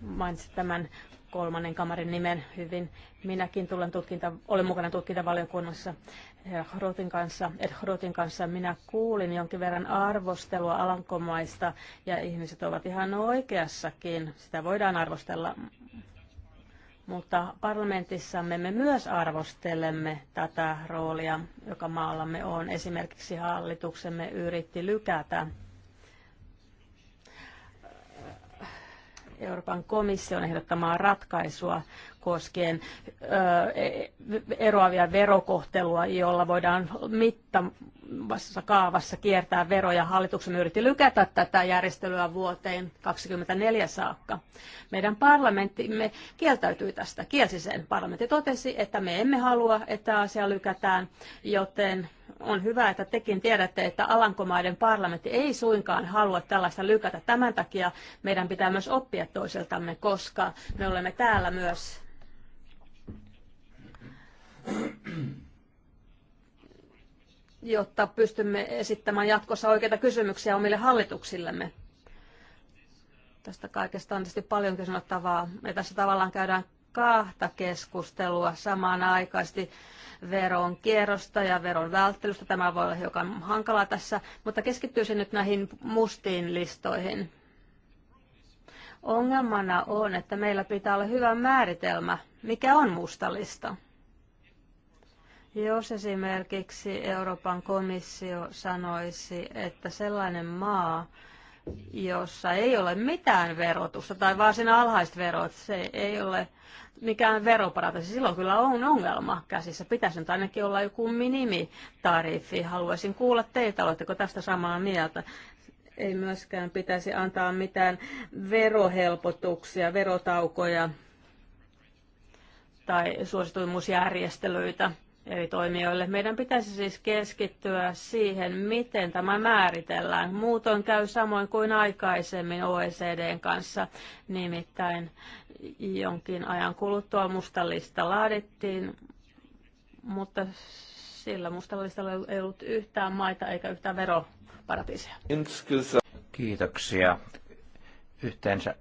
mainitsit tämän kolmannen kamarin nimen hyvin. Minäkin tulen tutkinta, olen mukana tutkintavaliokunnassa Hrotin kanssa, Ed Hrotin kanssa. Minä kuulin jonkin verran arvostelua Alankomaista ja ihmiset ovat ihan oikeassakin. Sitä voidaan arvostella, mutta parlamentissamme me myös arvostelemme tätä roolia, joka maallamme on. Esimerkiksi hallituksemme yritti lykätä Euroopan komission ehdottamaa ratkaisua koskien e, e, eroavia verokohtelua, jolla voidaan mitta, kaavassa kiertää veroja. Hallituksen yritti lykätä tätä järjestelyä vuoteen 2024 saakka. Meidän parlamenttimme kieltäytyi tästä, kielsi sen. Parlamentti totesi, että me emme halua, että asia lykätään, joten on hyvä, että tekin tiedätte, että Alankomaiden parlamentti ei suinkaan halua tällaista lykätä. Tämän takia meidän pitää myös oppia toiseltamme, koska me olemme täällä myös jotta pystymme esittämään jatkossa oikeita kysymyksiä omille hallituksillemme. Tästä kaikesta on tietysti paljon sanottavaa. Me tässä tavallaan käydään kahta keskustelua samanaikaisesti veron kierrosta ja veron välttelystä. Tämä voi olla hiukan hankalaa tässä, mutta keskittyisin nyt näihin mustiin listoihin. Ongelmana on, että meillä pitää olla hyvä määritelmä, mikä on musta lista. Jos esimerkiksi Euroopan komissio sanoisi, että sellainen maa, jossa ei ole mitään verotusta tai varsin alhaiset verot, se ei ole mikään veroparatiisi. Silloin kyllä on ongelma käsissä. Pitäisi nyt ainakin olla joku minimitariffi. Haluaisin kuulla teiltä, oletteko tästä samaa mieltä. Ei myöskään pitäisi antaa mitään verohelpotuksia, verotaukoja tai suosituimmuusjärjestelyitä eri toimijoille. Meidän pitäisi siis keskittyä siihen, miten tämä määritellään. Muutoin käy samoin kuin aikaisemmin OECDn kanssa, nimittäin jonkin ajan kuluttua mustalista laadittiin, mutta sillä mustallista ei ollut yhtään maita eikä yhtään veroparatiisia. Kiitoksia. Yhteensä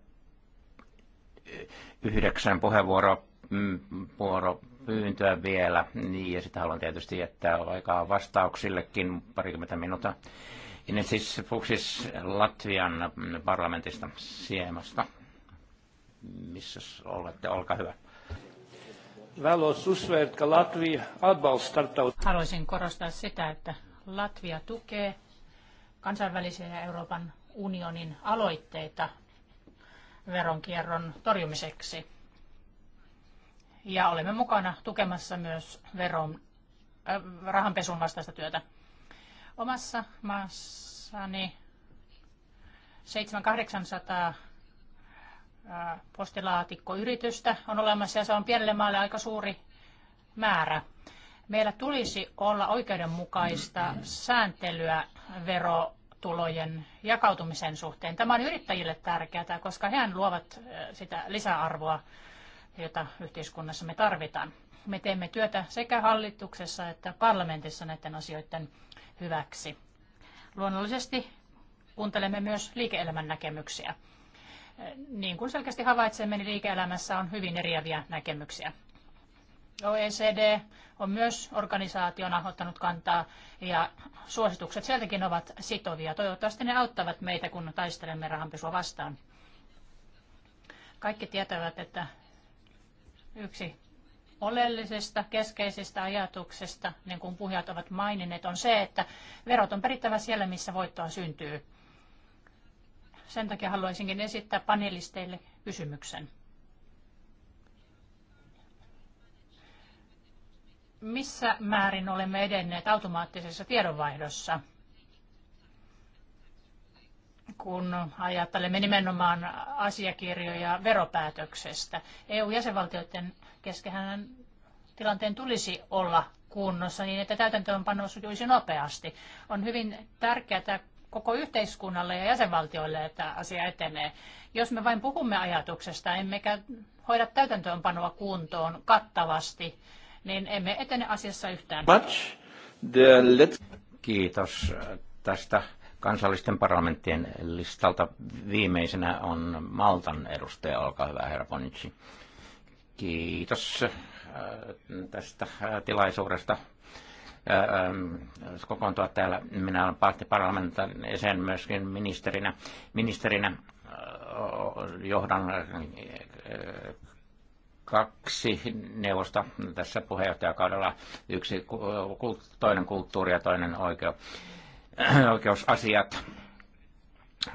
yhdeksän puheenvuoroa mm, vuoro pyyntöä vielä, niin, ja sitten haluan tietysti jättää aikaa vastauksillekin parikymmentä minuuttia. Ines siis Fuksis Latvian parlamentista Siemasta. Missä olette? Olkaa hyvä. Haluaisin korostaa sitä, että Latvia tukee kansainvälisiä ja Euroopan unionin aloitteita veronkierron torjumiseksi ja olemme mukana tukemassa myös veron, äh, rahanpesun vastaista työtä. Omassa maassani 7800 äh, postilaatikkoyritystä on olemassa ja se on pienelle maalle aika suuri määrä. Meillä tulisi olla oikeudenmukaista sääntelyä verotulojen jakautumisen suhteen. Tämä on yrittäjille tärkeää, koska he luovat äh, sitä lisäarvoa jota yhteiskunnassa me tarvitaan. Me teemme työtä sekä hallituksessa että parlamentissa näiden asioiden hyväksi. Luonnollisesti kuuntelemme myös liike-elämän näkemyksiä. Niin kuin selkeästi havaitsemme, niin liike-elämässä on hyvin eriäviä näkemyksiä. OECD on myös organisaationa ottanut kantaa ja suositukset sieltäkin ovat sitovia. Toivottavasti ne auttavat meitä, kun taistelemme rahanpesua vastaan. Kaikki tietävät, että Yksi oleellisesta, keskeisestä ajatuksesta, niin kuin puhujat ovat maininneet, on se, että verot on perittävä siellä, missä voittoa syntyy. Sen takia haluaisinkin esittää panelisteille kysymyksen. Missä määrin olemme edenneet automaattisessa tiedonvaihdossa kun ajattelemme nimenomaan asiakirjoja veropäätöksestä. EU-jäsenvaltioiden keskehän tilanteen tulisi olla kunnossa niin, että täytäntöönpano sujuisi nopeasti. On hyvin tärkeää koko yhteiskunnalle ja jäsenvaltioille, että asia etenee. Jos me vain puhumme ajatuksesta, emmekä hoida täytäntöönpanoa kuntoon kattavasti, niin emme etene asiassa yhtään. Kiitos tästä kansallisten parlamenttien listalta. Viimeisenä on Maltan edustaja, olkaa hyvä herra Bonici. Kiitos äh, tästä äh, tilaisuudesta äh, ähm, kokoontua täällä. Minä olen parlamentin jäsen myöskin ministerinä. Ministerinä johdan kaksi neuvosta tässä puheenjohtajakaudella. Yksi toinen kulttuuri ja toinen oikeus oikeusasiat.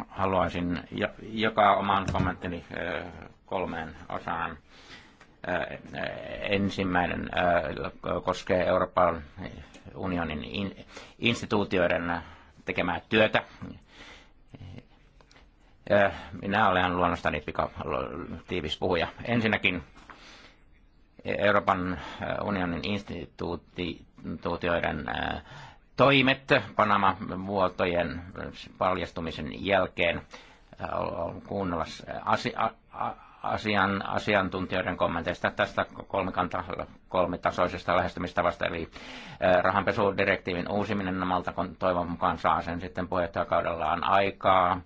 Haluaisin jakaa oman kommenttini äh, kolmeen osaan. Äh, ensimmäinen äh, koskee Euroopan unionin instituutioiden tekemää työtä. Minä olen luonnostani pika tiivis puhuja. Ensinnäkin Euroopan unionin instituutioiden toimet Panama-vuotojen paljastumisen jälkeen kuunnella asia, asian, asiantuntijoiden kommenteista tästä kolmikanta, kolmitasoisesta lähestymistavasta, eli rahanpesudirektiivin uusiminen namalta, kun toivon mukaan saa sen sitten puheenjohtajakaudellaan aikaa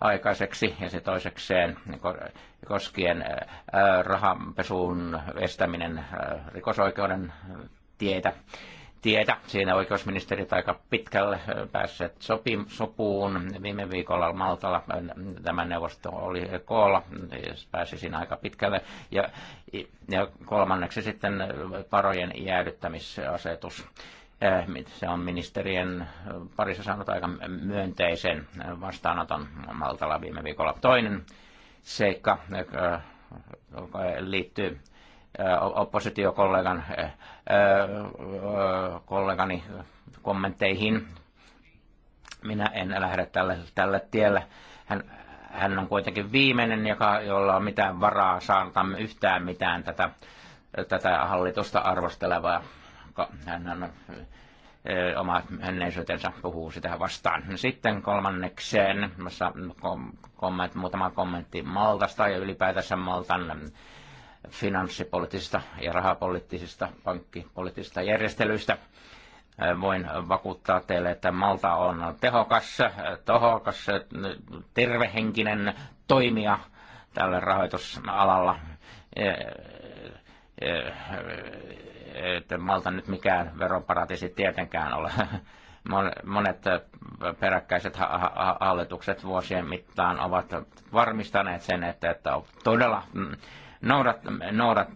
aikaiseksi ja se toisekseen koskien rahanpesuun estäminen rikosoikeuden tietä tietä. Siinä oikeusministerit aika pitkälle päässeet sopi, sopuun. Viime viikolla Maltalla tämä neuvosto oli koolla, siis pääsi siinä aika pitkälle. Ja, ja kolmanneksi sitten varojen jäädyttämisasetus. Se on ministerien parissa saanut aika myönteisen vastaanoton Maltalla viime viikolla. Toinen seikka liittyy oppositiokollegan kollegani kommentteihin. Minä en lähde tälle, tälle tielle. Hän, hän on kuitenkin viimeinen, joka, jolla on mitään varaa saada yhtään mitään tätä, tätä hallitusta arvostelevaa. Hän on oma menneisyytensä puhuu sitä vastaan. Sitten kolmannekseen muutama kommentti Maltasta ja ylipäätänsä Maltan finanssipoliittisista ja rahapoliittisista pankkipoliittisista järjestelyistä. Voin vakuuttaa teille, että Malta on tehokas, tohokas, tervehenkinen toimija tällä rahoitusalalla. Että Malta nyt mikään veroparatiisi tietenkään ole. Monet peräkkäiset hallitukset vuosien mittaan ovat varmistaneet sen, että, että todella mm, noudat, noudat,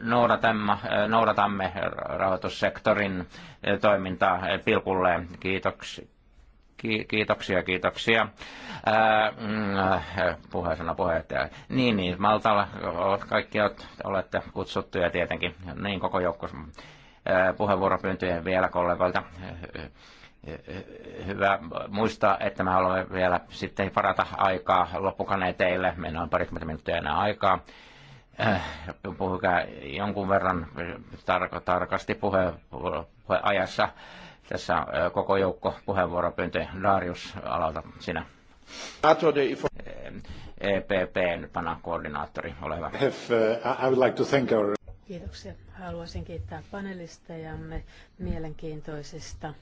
noudatamme, noudatamme rahoitussektorin e, toimintaa e, pilkulleen. Kiitoksi, kiitoksia, kiitoksia. Mm, puheenjohtaja, puheenjohtaja. Niin, niin, Maltalla kaikki olette kutsuttuja tietenkin, niin koko joukko puheenvuoropyyntöjä vielä kollegoilta. Hyvä muistaa, että me haluamme vielä sitten parata aikaa loppukaneeteille. Meillä on parikymmentä minuuttia enää aikaa. Äh, puhukaa jonkun verran tarko, tarkasti puhe, puhe ajassa. Tässä on äh, koko joukko puheenvuoropyyntö. Darius, aloita sinä. Äh, EPPn panakoordinaattori, ole hyvä. Uh, Kiitoksia. Haluaisin kiittää panelistejamme mielenkiintoisista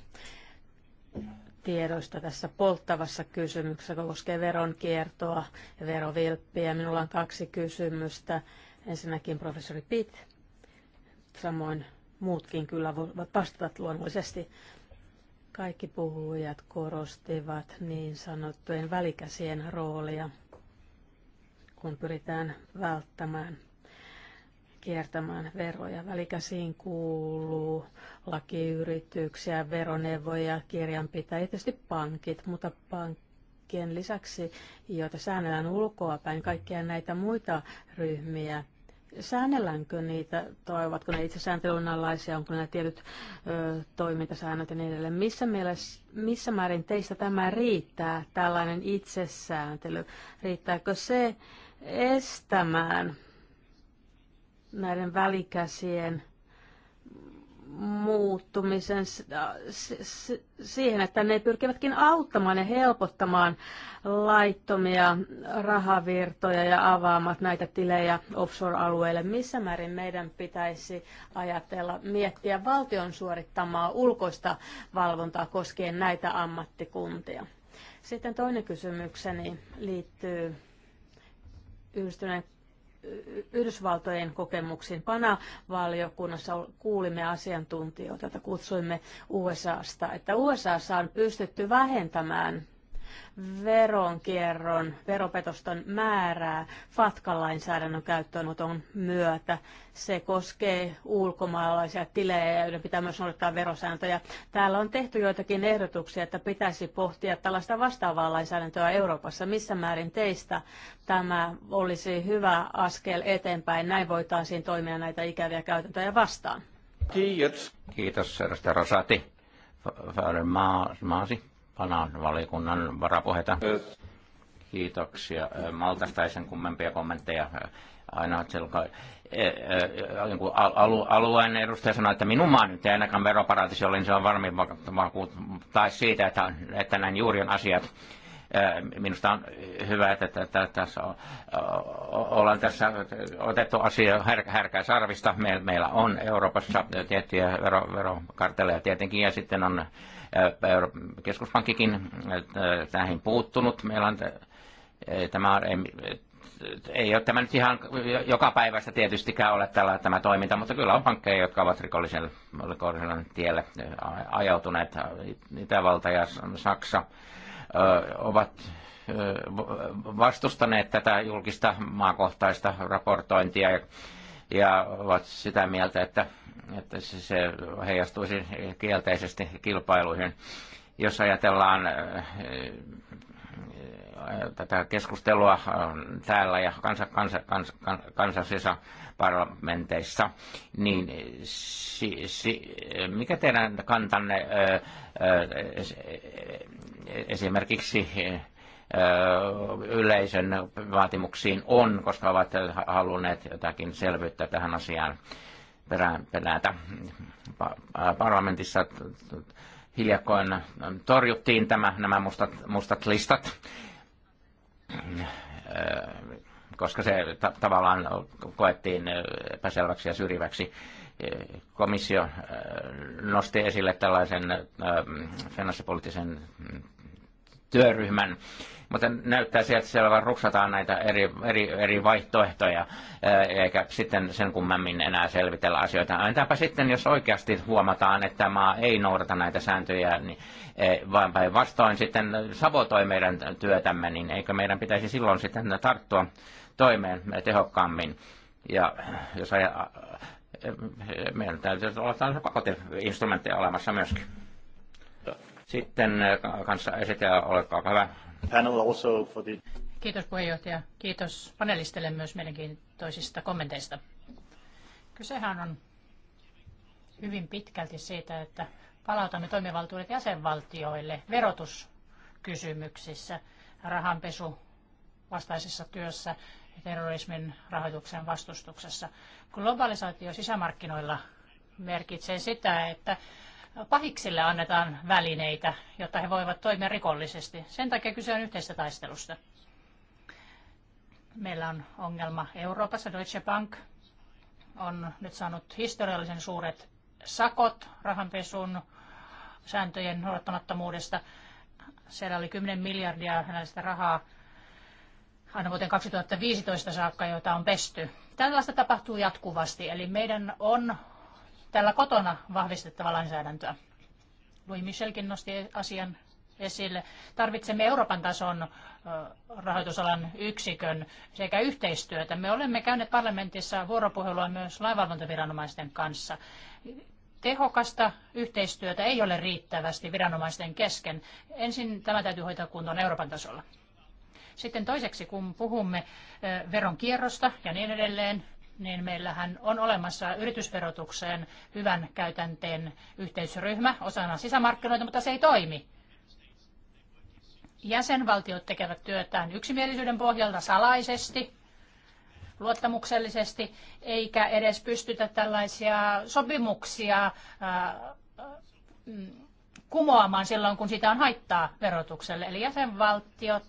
tiedoista tässä polttavassa kysymyksessä, joka koskee veronkiertoa ja verovilppiä. Minulla on kaksi kysymystä. Ensinnäkin professori Pitt, samoin muutkin kyllä voivat vastata luonnollisesti. Kaikki puhujat korostivat niin sanottujen välikäsien roolia, kun pyritään välttämään kiertämään veroja. Välikäsiin kuuluu lakiyrityksiä, veroneuvoja, kirjanpitäjiä, tietysti pankit, mutta pankkien lisäksi, joita säännellään ulkoapäin, kaikkia näitä muita ryhmiä, säännelläänkö niitä, tai ovatko ne itse sääntelyn alaisia, onko ne tietyt ö, toimintasäännöt ja niin edelleen. Missä, mielessä, missä määrin teistä tämä riittää, tällainen itsesääntely? Riittääkö se estämään näiden välikäsien muuttumisen siihen, että ne pyrkivätkin auttamaan ja helpottamaan laittomia rahavirtoja ja avaamat näitä tilejä offshore-alueille. Missä määrin meidän pitäisi ajatella, miettiä valtion suorittamaa ulkoista valvontaa koskien näitä ammattikuntia? Sitten toinen kysymykseni liittyy yhdistyneen Yhdysvaltojen kokemuksiin. PANA-valiokunnassa kuulimme asiantuntijoita, joita kutsuimme USAsta, että USAssa on pystytty vähentämään veronkierron, veropetosten määrää FATKA-lainsäädännön käyttöönoton myötä. Se koskee ulkomaalaisia tilejä ja joiden pitää myös noudattaa verosääntöjä. Täällä on tehty joitakin ehdotuksia, että pitäisi pohtia tällaista vastaavaa lainsäädäntöä Euroopassa. Missä määrin teistä tämä olisi hyvä askel eteenpäin? Näin voitaisiin toimia näitä ikäviä käytäntöjä vastaan. Kiitos. Kiitos, edustaja Rosati. Maasi. Panan valikunnan varapuheita. Kiitoksia. maltastaisen kummempia kommentteja. Aina selkä, e- e- alu alueen edustaja sanoi, että minun maa nyt ei ainakaan veroparatiisi ole, niin se on varmin tai siitä, että, että näin juuri on asiat e, minusta on hyvä, että, että, että tässä on, ollaan tässä otettu asia härkä, härkää sarvista. meillä on Euroopassa tiettyjä vero, verokartteleja tietenkin ja sitten on keskuspankkikin tähän puuttunut. Meillä on tämä ei, ei ole tämä nyt ihan joka päivästä tietystikään ole tällä tämä toiminta, mutta kyllä on pankkeja, jotka ovat rikolliselle, rikolliselle tielle ajautuneet. Itävalta ja Saksa ovat vastustaneet tätä julkista maakohtaista raportointia ja, ja ovat sitä mieltä, että että se heijastuisi kielteisesti kilpailuihin. Jos ajatellaan äh, äh, tätä keskustelua äh, täällä ja kansa, kansa, kansa, kansallisissa parlamenteissa, niin si, si, mikä teidän kantanne esimerkiksi yleisön vaatimuksiin on, koska ovat halunneet jotakin selvyyttä tähän asiaan? perään pelätä. Parlamentissa hiljakkoin torjuttiin tämä, nämä mustat, mustat listat, koska se ta- tavallaan koettiin epäselväksi ja syrjiväksi. Komissio nosti esille tällaisen finanssipoliittisen työryhmän, mutta näyttää sieltä siellä vaan ruksataan näitä eri, eri, eri vaihtoehtoja, eikä sitten sen kummemmin enää selvitellä asioita. Entäpä sitten, jos oikeasti huomataan, että maa ei noudata näitä sääntöjä, niin e, vaan päinvastoin sitten sabotoi meidän työtämme, niin eikö meidän pitäisi silloin sitten tarttua toimeen tehokkaammin. Ja jos aja, meidän täytyy olla tällaisia pakoteinstrumentteja olemassa myöskin. Sitten kanssa esitellä, olkaa hyvä. Kiitos puheenjohtaja. Kiitos panelistille myös mielenkiintoisista kommenteista. Kysehän on hyvin pitkälti siitä, että palautamme toimivaltuudet jäsenvaltioille verotuskysymyksissä, rahanpesu vastaisessa työssä ja terrorismin rahoituksen vastustuksessa. Globalisaatio sisämarkkinoilla merkitsee sitä, että pahiksille annetaan välineitä, jotta he voivat toimia rikollisesti. Sen takia kyse on yhteisestä taistelusta. Meillä on ongelma Euroopassa. Deutsche Bank on nyt saanut historiallisen suuret sakot rahanpesun sääntöjen noudattamattomuudesta. Siellä oli 10 miljardia näistä rahaa aina vuoteen 2015 saakka, joita on pesty. Tällaista tapahtuu jatkuvasti, eli meidän on täällä kotona vahvistettava lainsäädäntöä. Louis Michelkin nosti asian esille. Tarvitsemme Euroopan tason rahoitusalan yksikön sekä yhteistyötä. Me olemme käyneet parlamentissa vuoropuhelua myös lainvalvontaviranomaisten kanssa. Tehokasta yhteistyötä ei ole riittävästi viranomaisten kesken. Ensin tämä täytyy hoitaa kuntoon Euroopan tasolla. Sitten toiseksi, kun puhumme veronkierrosta ja niin edelleen, niin meillähän on olemassa yritysverotukseen hyvän käytänteen yhteisryhmä osana sisämarkkinoita, mutta se ei toimi. Jäsenvaltiot tekevät työtään yksimielisyyden pohjalta salaisesti, luottamuksellisesti, eikä edes pystytä tällaisia sopimuksia kumoamaan silloin, kun sitä on haittaa verotukselle. Eli jäsenvaltiot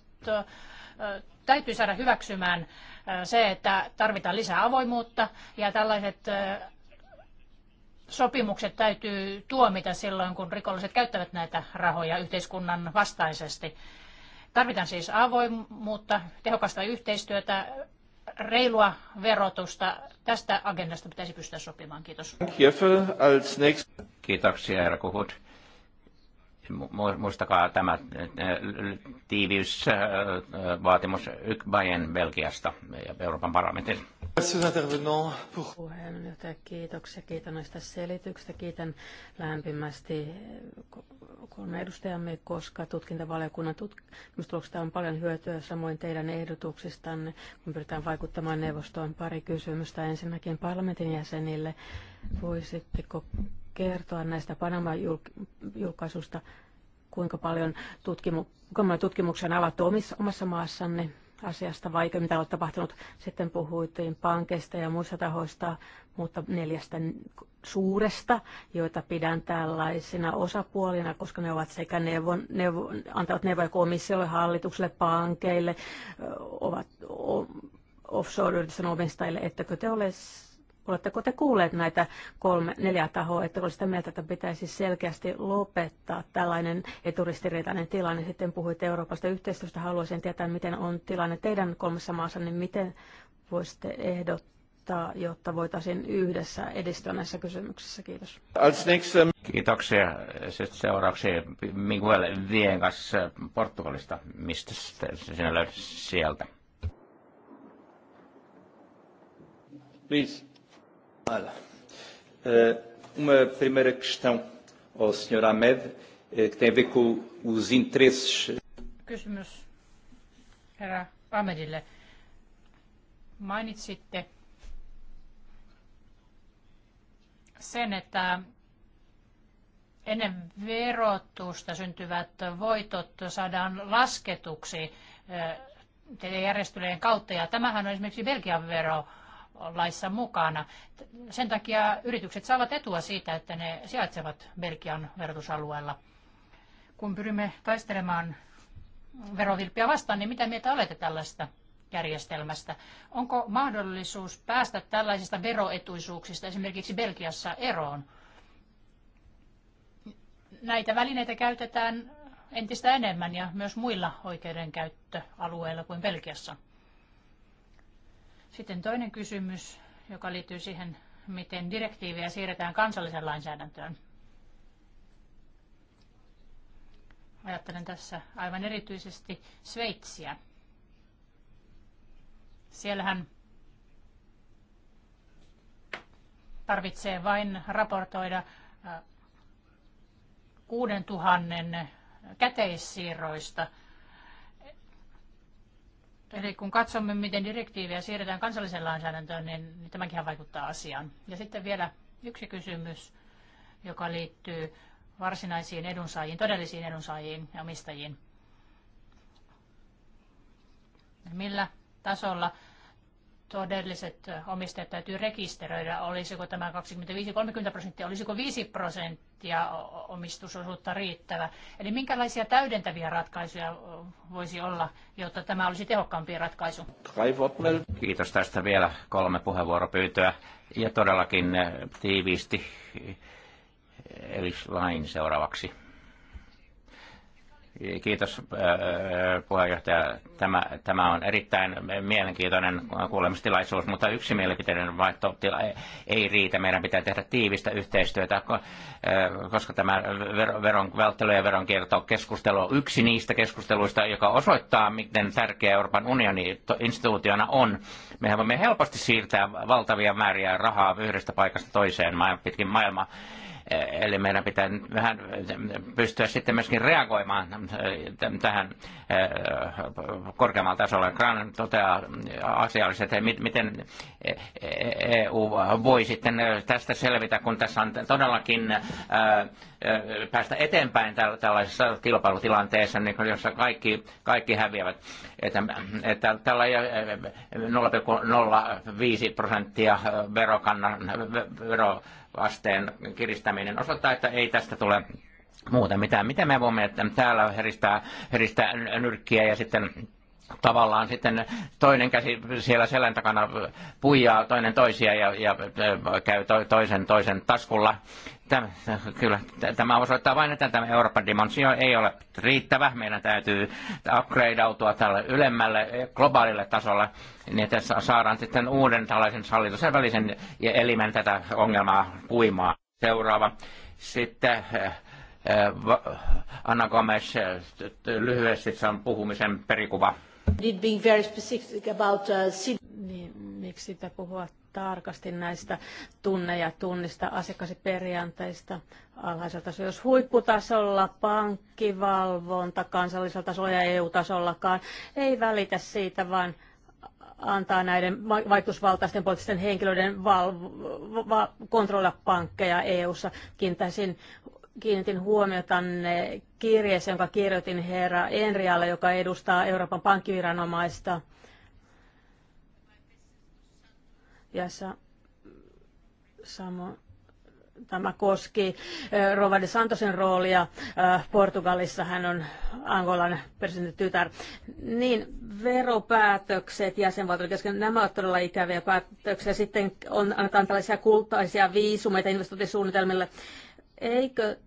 täytyy saada hyväksymään se, että tarvitaan lisää avoimuutta ja tällaiset sopimukset täytyy tuomita silloin, kun rikolliset käyttävät näitä rahoja yhteiskunnan vastaisesti. Tarvitaan siis avoimuutta, tehokasta yhteistyötä, reilua verotusta. Tästä agendasta pitäisi pystyä sopimaan. Kiitos. Kiitoksia, Herra Kuhut muistakaa tämä eh, tiiviysvaatimus Bayern Belgiasta ja Euroopan parlamentin. Puheenjohtaja, kiitoksia. Kiitän näistä selityksistä. Kiitän lämpimästi kolme edustajamme, koska tutkintavaliokunnan tutkimustuloksista on paljon hyötyä, samoin teidän ehdotuksistanne, kun pyritään vaikuttamaan neuvostoon. Pari kysymystä ensinnäkin parlamentin jäsenille. Voisitteko kertoa näistä Panama-julkaisusta, kuinka paljon, tutkimu- kuinka paljon tutkimuksia on avattu omissa, omassa maassanne asiasta, vai mitä on tapahtunut. Sitten puhuittiin pankeista ja muista tahoista, mutta neljästä suuresta, joita pidän tällaisina osapuolina, koska ne ovat sekä neuvon, neuvon, antavat neuvoja komissiolle, hallitukselle, pankeille, ovat offshore-yritysten omistajille, ettäkö te ole Oletteko te kuulleet näitä kolme, neljä tahoa, että olisi sitä mieltä, että pitäisi selkeästi lopettaa tällainen eturistiriitainen tilanne? Sitten puhuit Euroopasta yhteistyöstä. Haluaisin tietää, miten on tilanne teidän kolmessa maassa, niin miten voisitte ehdottaa, jotta voitaisiin yhdessä edistyä näissä kysymyksissä. Kiitos. Kiitoksia. Sitten seuraavaksi Miguel Viengas Portugalista. Mistä sinä löydät sieltä? Please. Olha, eh, Uma primeira questão ao Sr. Ahmed, eh, que tem a ver com os interesses. Kysymys herra Ahmedille. Mainitsitte sen, että ennen verotusta syntyvät voitot saadaan lasketuksi eh, teidän järjestelyjen kautta. Ja tämähän on esimerkiksi Belgian vero laissa mukana. Sen takia yritykset saavat etua siitä, että ne sijaitsevat Belgian verotusalueella. Kun pyrimme taistelemaan verovilppiä vastaan, niin mitä mieltä olette tällaista järjestelmästä? Onko mahdollisuus päästä tällaisista veroetuisuuksista esimerkiksi Belgiassa eroon? Näitä välineitä käytetään entistä enemmän ja myös muilla oikeudenkäyttöalueilla kuin Belgiassa. Sitten toinen kysymys, joka liittyy siihen, miten direktiiviä siirretään kansalliseen lainsäädäntöön. Ajattelen tässä aivan erityisesti Sveitsiä. Siellähän tarvitsee vain raportoida 6000 äh, käteissiirroista – Eli kun katsomme, miten direktiiviä siirretään kansalliseen lainsäädäntöön, niin tämäkin vaikuttaa asiaan. Ja sitten vielä yksi kysymys, joka liittyy varsinaisiin edunsaajiin, todellisiin edunsaajiin ja omistajiin. Millä tasolla todelliset omistajat täytyy rekisteröidä. Olisiko tämä 25-30 prosenttia, olisiko 5 prosenttia omistusosuutta riittävä? Eli minkälaisia täydentäviä ratkaisuja voisi olla, jotta tämä olisi tehokkaampi ratkaisu? Kiitos tästä vielä kolme puheenvuoropyyntöä ja todellakin eh, tiiviisti. Eh, eli Lain seuraavaksi. Kiitos puheenjohtaja. Tämä, tämä on erittäin mielenkiintoinen kuulemistilaisuus, mutta yksi mielipiteinen vaihto ei riitä. Meidän pitää tehdä tiivistä yhteistyötä, koska tämä veron välttely ja veronkierto keskustelu on yksi niistä keskusteluista, joka osoittaa, miten tärkeä Euroopan unioni instituutiona on. Mehän voimme helposti siirtää valtavia määriä rahaa yhdestä paikasta toiseen pitkin maailmaa Eli meidän pitää vähän pystyä sitten myöskin reagoimaan äh, tähän äh, korkeammalla tasolla. Kran toteaa asiallisesti, että miten EU e-, e-, e-, voi sitten äh, tästä selvitä, kun tässä on todellakin päästä eteenpäin tällaisessa kilpailutilanteessa, niin jossa kaikki, kaikki häviävät. Että, että tällä 0,05 prosenttia verokannan, vero, asteen kiristäminen osoittaa, että ei tästä tule muuta mitään. Miten me voimme että täällä heristää, heristää nyrkkiä ja sitten tavallaan sitten toinen käsi siellä selän takana puijaa toinen toisia ja, ja käy to, toisen toisen taskulla Tämä, kyllä, tämä osoittaa vain, että tämä Euroopan dimensio ei ole riittävä. Meidän täytyy upgradeautua tälle ylemmälle globaalille tasolle, niin että saadaan sitten uuden tällaisen hallituksen välisen elimen tätä ongelmaa puimaa. Seuraava. Sitten eh, eh, Anna Gomes, eh, lyhyesti sanon puhumisen perikuva. Being very specific about, uh, niin, miksi sitä puhua tarkasti näistä tunne- ja tunnista asiakasperiaanteista alhaiselta tasolla. Jos huipputasolla, pankkivalvonta kansallisella tasolla ja EU-tasollakaan ei välitä siitä, vaan antaa näiden vaikutusvaltaisten poliittisten henkilöiden val- va- kontrolloida pankkeja EU-ssa. kiinnitin huomiota kirjeeseen, jonka kirjoitin herra Enrialle, joka edustaa Euroopan pankkiviranomaista Ja sa, samo, tämä koski Rova de Santosin roolia Portugalissa. Hän on Angolan presidentin tytär. Niin, veropäätökset jäsenvaltioiden kesken, nämä ovat todella ikäviä päätöksiä. Sitten on, annetaan tällaisia kultaisia viisumeita investointisuunnitelmille. Eikö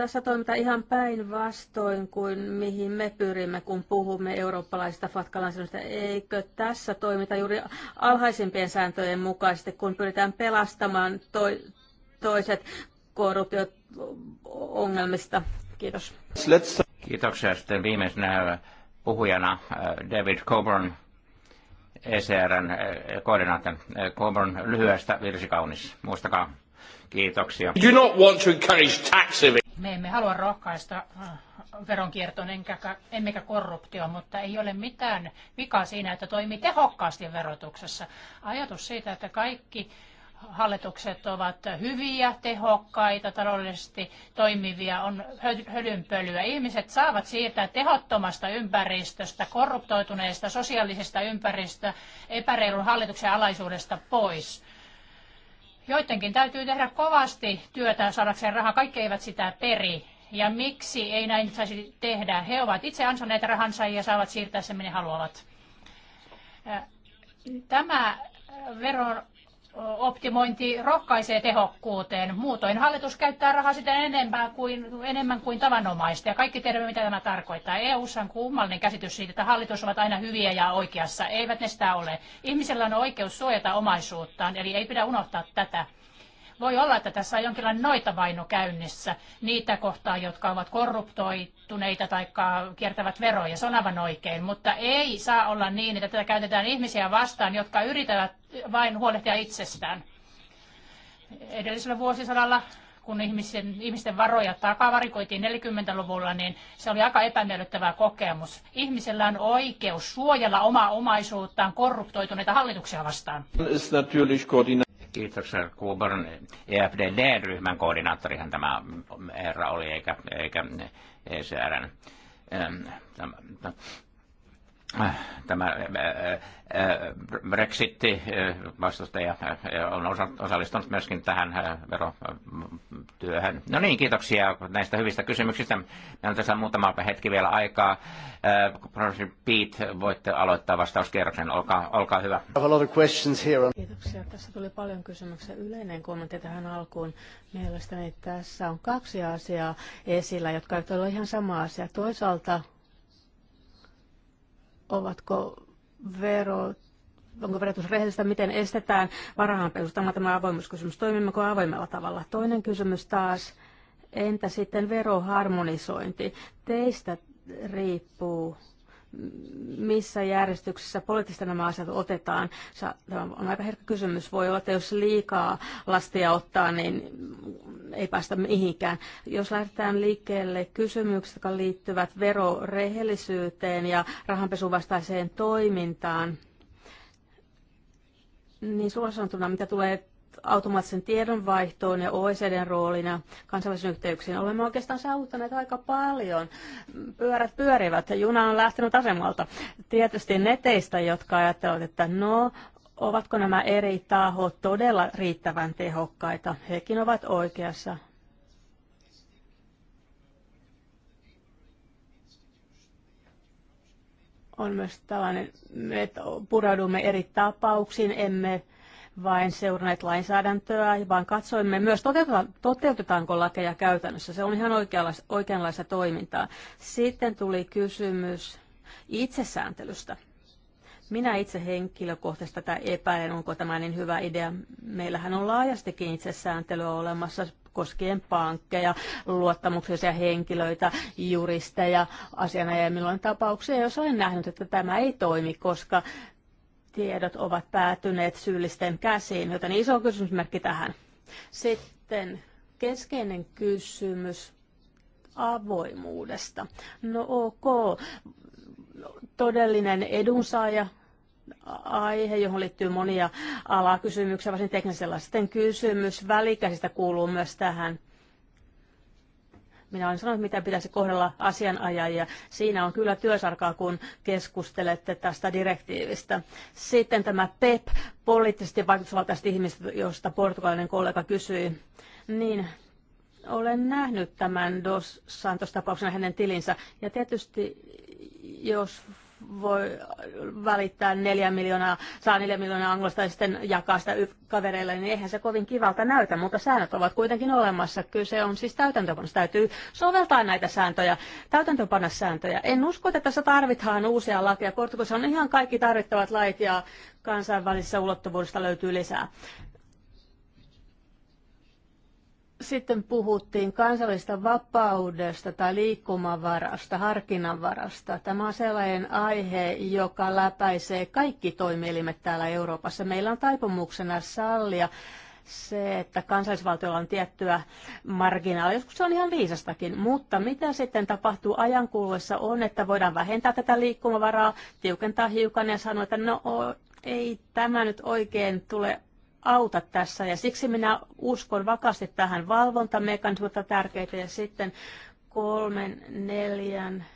tässä toimitaan ihan päinvastoin kuin mihin me pyrimme, kun puhumme eurooppalaisista fatkalainsäädännöstä. Eikö tässä toimita juuri alhaisimpien sääntöjen mukaisesti, kun pyritään pelastamaan to- toiset korruptio-ongelmista? Kiitos. Kiitoksia sitten viimeisenä äh, puhujana äh, David Coburn, ECRn äh, koordinaattori. Coburn lyhyestä virsikaunis. Muistakaa. Kiitoksia. You do not want to encourage tax evasion. Me emme halua rohkaista äh, veronkiertoon emmekä korruptio, mutta ei ole mitään vikaa siinä, että toimii tehokkaasti verotuksessa. Ajatus siitä, että kaikki hallitukset ovat hyviä, tehokkaita, taloudellisesti toimivia, on hölynpölyä. Ihmiset saavat siirtää tehottomasta ympäristöstä, korruptoituneesta sosiaalisesta ympäristöstä, epäreilun hallituksen alaisuudesta pois. Joidenkin täytyy tehdä kovasti työtä saadakseen rahaa, kaikki eivät sitä peri. Ja miksi ei näin saisi tehdä? He ovat itse ansainneet rahansa ja saavat siirtää sen, minne haluavat. Tämä veron optimointi rohkaisee tehokkuuteen. Muutoin hallitus käyttää rahaa sitä enemmän kuin, enemmän kuin tavanomaista. Ja kaikki tiedämme, mitä tämä tarkoittaa. EU:ssa on kummallinen käsitys siitä, että hallitus ovat aina hyviä ja oikeassa. Eivät ne sitä ole. Ihmisellä on oikeus suojata omaisuuttaan, eli ei pidä unohtaa tätä. Voi olla, että tässä on jonkinlainen noitavaino käynnissä niitä kohtaa, jotka ovat korruptoituneita tai kiertävät veroja. Se on aivan oikein, mutta ei saa olla niin, että tätä käytetään ihmisiä vastaan, jotka yrittävät vain huolehtia itsestään. Edellisellä vuosisadalla kun ihmisten, ihmisten varoja takavarikoitiin 40-luvulla, niin se oli aika epämiellyttävä kokemus. Ihmisellä on oikeus suojella omaa omaisuuttaan korruptoituneita hallituksia vastaan. Kiitoksia Kuuborn EFDD-ryhmän koordinaattorihan tämä herra oli, eikä, eikä ECRn. tämän tämä Brexitti vastustaja on osallistunut myöskin tähän verotyöhön. No niin, kiitoksia näistä hyvistä kysymyksistä. Meillä on tässä muutama hetki vielä aikaa. Professor Pete, voitte aloittaa vastauskierroksen. Olkaa, olkaa hyvä. Kiitoksia. Tässä tuli paljon kysymyksiä. Yleinen kommentti tähän alkuun. Mielestäni tässä on kaksi asiaa esillä, jotka eivät ole ihan sama asia. Toisaalta ovatko verot onko verotus rehellistä, miten estetään varahanpesu. Tämä tämä avoimuuskysymys. Toimimmeko avoimella tavalla? Toinen kysymys taas, entä sitten veroharmonisointi? Teistä riippuu missä järjestyksessä poliittisesti nämä asiat otetaan. Tämä on aika herkkä kysymys. Voi olla, että jos liikaa lastia ottaa, niin ei päästä mihinkään. Jos lähdetään liikkeelle kysymyksistä, jotka liittyvät verorehellisyyteen ja rahanpesuvastaiseen toimintaan, niin suoraan sanottuna, mitä tulee automaattisen tiedonvaihtoon ja OECDn roolina kansainvälisen yhteyksiin. Olemme oikeastaan saavuttaneet aika paljon. Pyörät pyörivät ja juna on lähtenyt asemalta. Tietysti neteistä, jotka ajattelevat, että no, ovatko nämä eri tahot todella riittävän tehokkaita. Hekin ovat oikeassa. On myös tällainen, että pureudumme eri tapauksiin, emme vain seuranneet lainsäädäntöä, vaan katsoimme myös toteutetaanko lakeja käytännössä. Se on ihan oikeanlaista, oikeanlaista toimintaa. Sitten tuli kysymys itsesääntelystä. Minä itse henkilökohtaisesti tätä epäilen, onko tämä niin hyvä idea. Meillähän on laajastikin itsesääntelyä olemassa koskien pankkeja, luottamuksellisia henkilöitä, juristeja, asianajajia, milloin tapauksia, jos olen nähnyt, että tämä ei toimi, koska tiedot ovat päätyneet syyllisten käsiin, joten iso kysymysmerkki tähän. Sitten keskeinen kysymys avoimuudesta. No ok, todellinen edunsaaja aihe, johon liittyy monia alakysymyksiä, varsin teknisellä. Sitten kysymys välikäsistä kuuluu myös tähän. Minä olen sanonut, miten pitäisi kohdella asianajajia. Siinä on kyllä työsarkaa, kun keskustelette tästä direktiivistä. Sitten tämä PEP, e poliittisesti vaikutusvaltaiset ihmiset, josta portugalinen kollega kysyi. Niin, olen nähnyt tämän Dos Santos-tapauksen hänen tilinsä. Ja tietysti jos voi välittää neljä miljoonaa, saa neljä miljoonaa anglosta ja sitten jakaa sitä kavereille, niin eihän se kovin kivalta näytä, mutta säännöt ovat kuitenkin olemassa. Kyse on siis täytäntöpanossa. Täytyy soveltaa näitä sääntöjä, täytäntöönpanna sääntöjä. En usko, että tässä tarvitaan uusia lakeja. Portugalissa on ihan kaikki tarvittavat lait ja kansainvälisessä ulottuvuudesta löytyy lisää. Sitten puhuttiin kansallista vapaudesta tai liikkumavarasta, harkinnanvarasta. Tämä on sellainen aihe, joka läpäisee kaikki toimielimet täällä Euroopassa. Meillä on taipumuksena sallia se, että kansallisvaltiolla on tiettyä marginaalia. Joskus se on ihan viisastakin, mutta mitä sitten tapahtuu ajan kuluessa on, että voidaan vähentää tätä liikkumavaraa, tiukentaa hiukan ja sanoa, että no ei tämä nyt oikein tule auta tässä ja siksi minä uskon vakaasti tähän valvontamekanismilta tärkeitä ja sitten kolmen, neljän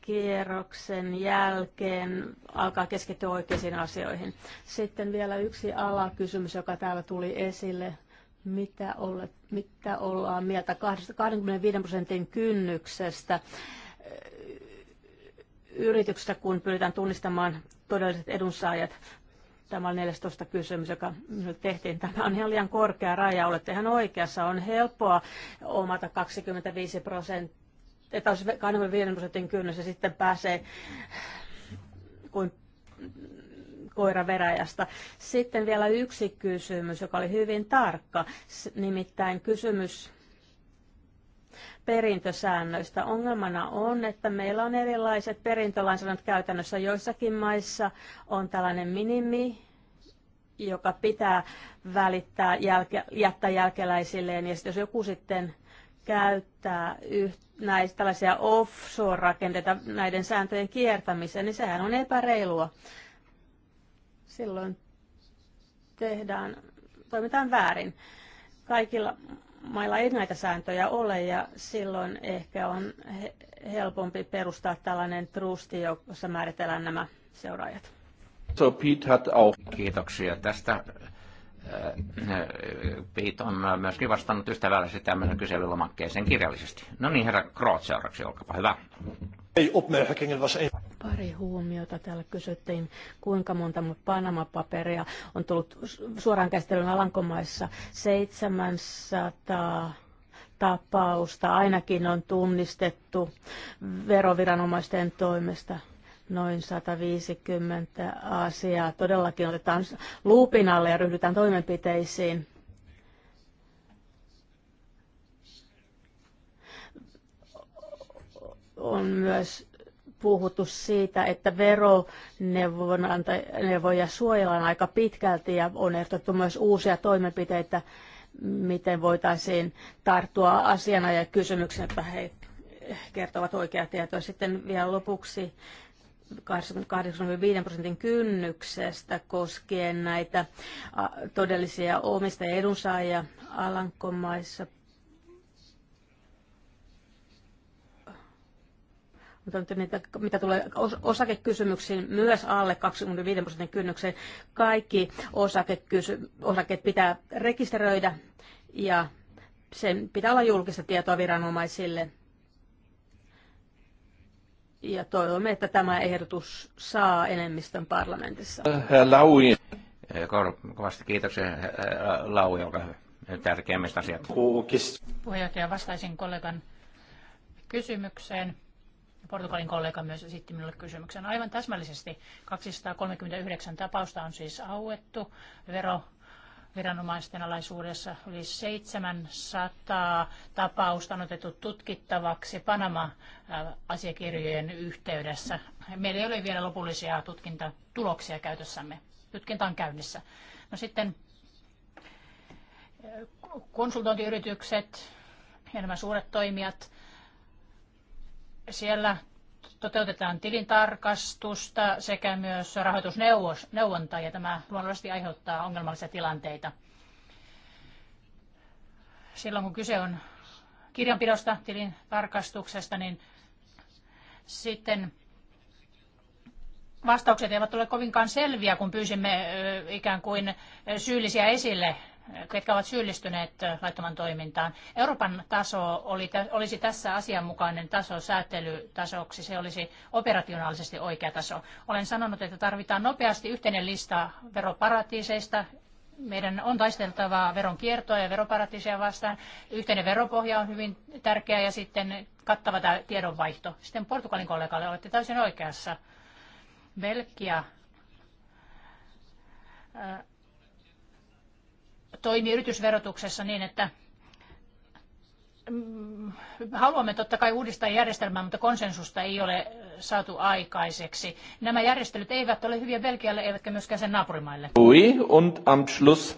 kierroksen jälkeen alkaa keskittyä oikeisiin asioihin. Sitten vielä yksi alakysymys, joka täällä tuli esille. Mitä, olla, mitä ollaan mieltä 25 prosentin kynnyksestä yrityksestä, kun pyritään tunnistamaan todelliset edunsaajat. Tämä on 14 kysymys, joka nyt tehtiin. Tämä on ihan liian korkea raja. Olette ihan oikeassa. On helppoa omata 25 prosenttia että olisi 25 prosentin kynnys ja sitten pääsee kuin koira veräjästä. Sitten vielä yksi kysymys, joka oli hyvin tarkka, nimittäin kysymys perintösäännöistä. Ongelmana on, että meillä on erilaiset perintölainsäädännöt käytännössä. Joissakin maissa on tällainen minimi, joka pitää välittää, jälke, jättää jälkeläisilleen. Ja sitten jos joku sitten käyttää yht, näistä tällaisia offshore-rakenteita näiden sääntöjen kiertämiseen, niin sehän on epäreilua. Silloin tehdään, toimitaan väärin. Kaikilla mailla ei näitä sääntöjä ole ja silloin ehkä on helpompi perustaa tällainen trusti, jossa määritellään nämä seuraajat. So Pete hat auch. Kiitoksia tästä. Äh, äh, Pete on myöskin vastannut ystävällisesti tämmöisen kyselylomakkeeseen kirjallisesti. No niin, herra Kroot seuraavaksi, olkapa hyvä. Ei opmerkingen was een... Pari huomiota täällä kysyttiin, kuinka monta Panama-paperia on tullut suoraan käsittelyyn Alankomaissa. 700 tapausta ainakin on tunnistettu veroviranomaisten toimesta noin 150 asiaa. Todellakin otetaan luupin alle ja ryhdytään toimenpiteisiin. On myös puhuttu siitä, että veroneuvoja suojellaan aika pitkälti ja on ehdotettu myös uusia toimenpiteitä, miten voitaisiin tarttua asiana ja kysymykseen, että he kertovat oikeaa tietoa. Sitten vielä lopuksi 85 prosentin kynnyksestä koskien näitä todellisia omistajia edunsaajia Alankomaissa Mutta mitä, mitä tulee osakekysymyksiin, myös alle 25 prosentin kynnykseen, kaikki osakekysy- osakkeet pitää rekisteröidä ja sen pitää olla julkista tietoa viranomaisille. Ja toivomme, että tämä ehdotus saa enemmistön parlamentissa. Äh, Laui. Äh, kovasti kiitoksia. Äh, Laui, olkaa hyvä. Tärkeimmistä asiat. Puheenjohtaja, vastaisin kollegan kysymykseen. Portugalin kollega myös esitti minulle kysymyksen. Aivan täsmällisesti 239 tapausta on siis auettu vero viranomaisten alaisuudessa yli 700 tapausta on otettu tutkittavaksi Panama-asiakirjojen äh, yhteydessä. Meillä ei ole vielä lopullisia tutkintatuloksia käytössämme. Tutkinta on käynnissä. No sitten äh, konsultointiyritykset ja nämä suuret toimijat – siellä toteutetaan tilintarkastusta sekä myös rahoitusneuvontaa ja tämä luonnollisesti aiheuttaa ongelmallisia tilanteita. Silloin kun kyse on kirjanpidosta, tilintarkastuksesta, niin sitten vastaukset eivät ole kovinkaan selviä, kun pyysimme ikään kuin syyllisiä esille ketkä ovat syyllistyneet laittoman toimintaan. Euroopan taso oli, olisi tässä asianmukainen taso säätelytasoksi, se olisi operationaalisesti oikea taso. Olen sanonut, että tarvitaan nopeasti yhteinen lista veroparatiiseista, meidän on taisteltava veronkiertoa ja veroparatiiseja vastaan. Yhteinen veropohja on hyvin tärkeä ja sitten kattava tämä tiedonvaihto. Sitten Portugalin kollegalle olette täysin oikeassa. Belgia toimii yritysverotuksessa niin, että mm, haluamme totta kai uudistaa järjestelmää, mutta konsensusta ei ole saatu aikaiseksi. Nämä järjestelyt eivät ole hyviä Belgialle, eivätkä myöskään sen naapurimaille. Ui, und am Schluss...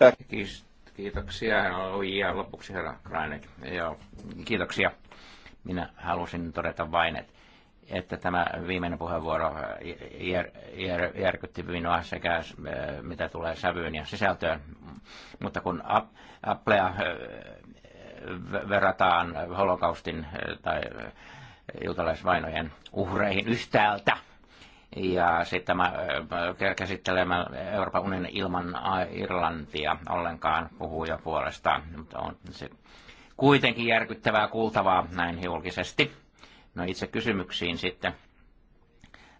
Kiitoksia, oi, ja lopuksi herra Krainek. Joo, kiitoksia. Minä halusin todeta vain, että että tämä viimeinen puheenvuoro jär, jär, järkytti minua sekä äh, mitä tulee sävyyn ja sisältöön. Mutta kun Applea äh, verrataan holokaustin äh, tai juutalaisvainojen uhreihin yhtäältä, ja sitten tämä käsittelemään Euroopan unionin ilman Irlantia ollenkaan puhuu jo puolestaan, mutta on se kuitenkin järkyttävää kuultavaa näin julkisesti No itse kysymyksiin sitten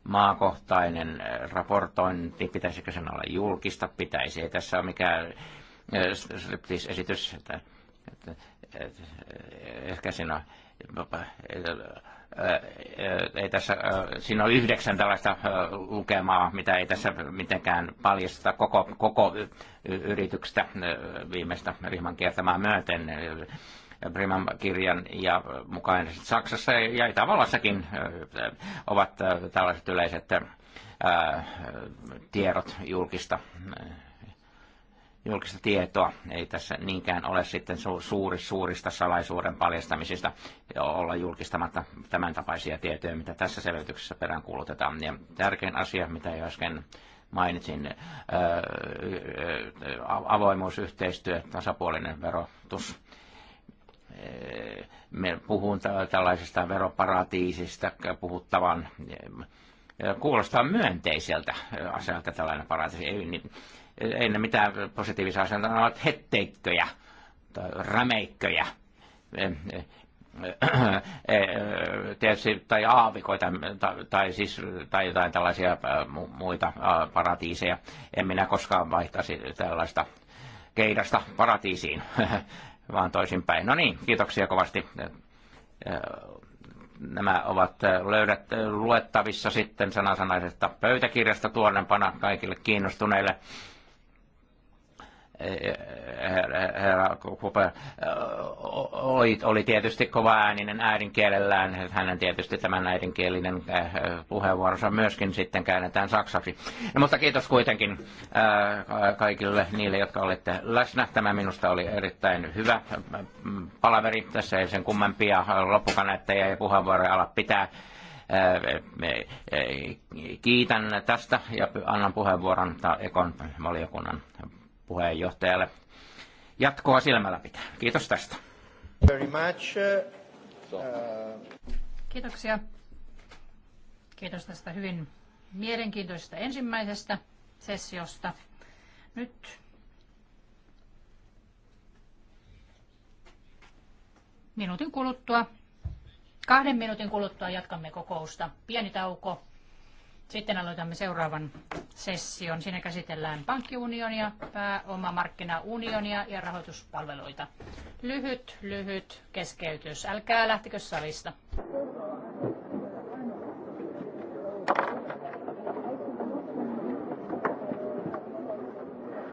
maakohtainen äh, raportointi, pitäisikö sen olla julkista, pitäisi. Ei tässä ole mikään äh, esitys, että, että, äh, ehkä siinä on, ei tässä, siinä on yhdeksän tällaista lukemaa, mitä ei tässä mitenkään paljasta koko, koko yrityksestä viimeistä rihman kiertämään myöten. Breman kirjan ja mukaan Saksassa ja Itävallassakin äh, ovat äh, tällaiset yleiset äh, tiedot julkista julkista tietoa. Ei tässä niinkään ole sitten suuri, suurista salaisuuden paljastamisista olla julkistamatta tämän tapaisia tietoja, mitä tässä selvityksessä peräänkuulutetaan. Ja tärkein asia, mitä jo äsken mainitsin, avoimuusyhteistyö, tasapuolinen verotus me puhun tällaisesta veroparatiisista puhuttavan. Kuulostaa myönteiseltä asialta tällainen paratiisi. Ei, niin, ei ne mitään positiivisia asioita, ne ovat hetteikköjä tai rämeikköjä. Eh, eh, tietysti, tai aavikoita tai, tai, siis, tai jotain tällaisia muita paratiiseja. En minä koskaan vaihtaisi tällaista keidasta paratiisiin. vaan toisinpäin. No niin, kiitoksia kovasti. Nämä ovat löydät, luettavissa sitten sanasanaisesta pöytäkirjasta tuonnepana kaikille kiinnostuneille herra Cooper oli, oli tietysti kova ääninen äidinkielellään. Hänen tietysti tämän äidinkielinen puheenvuoronsa myöskin sitten käännetään saksaksi. No, mutta kiitos kuitenkin kaikille niille, jotka olitte läsnä. Tämä minusta oli erittäin hyvä palaveri. Tässä ei sen kummempia loppukaneetteja ja puheenvuoroja ala pitää e, kiitän tästä ja annan puheenvuoron Ekon valiokunnan puheenjohtajalle jatkoa silmällä pitää. Kiitos tästä. Very much. Uh, Kiitoksia. Kiitos tästä hyvin mielenkiintoisesta ensimmäisestä sessiosta. Nyt minuutin kuluttua, kahden minuutin kuluttua jatkamme kokousta. Pieni tauko sitten aloitamme seuraavan session. Siinä käsitellään pankkiunionia, pääomamarkkinaunionia ja rahoituspalveluita. Lyhyt, lyhyt keskeytys. Älkää lähtikö salista.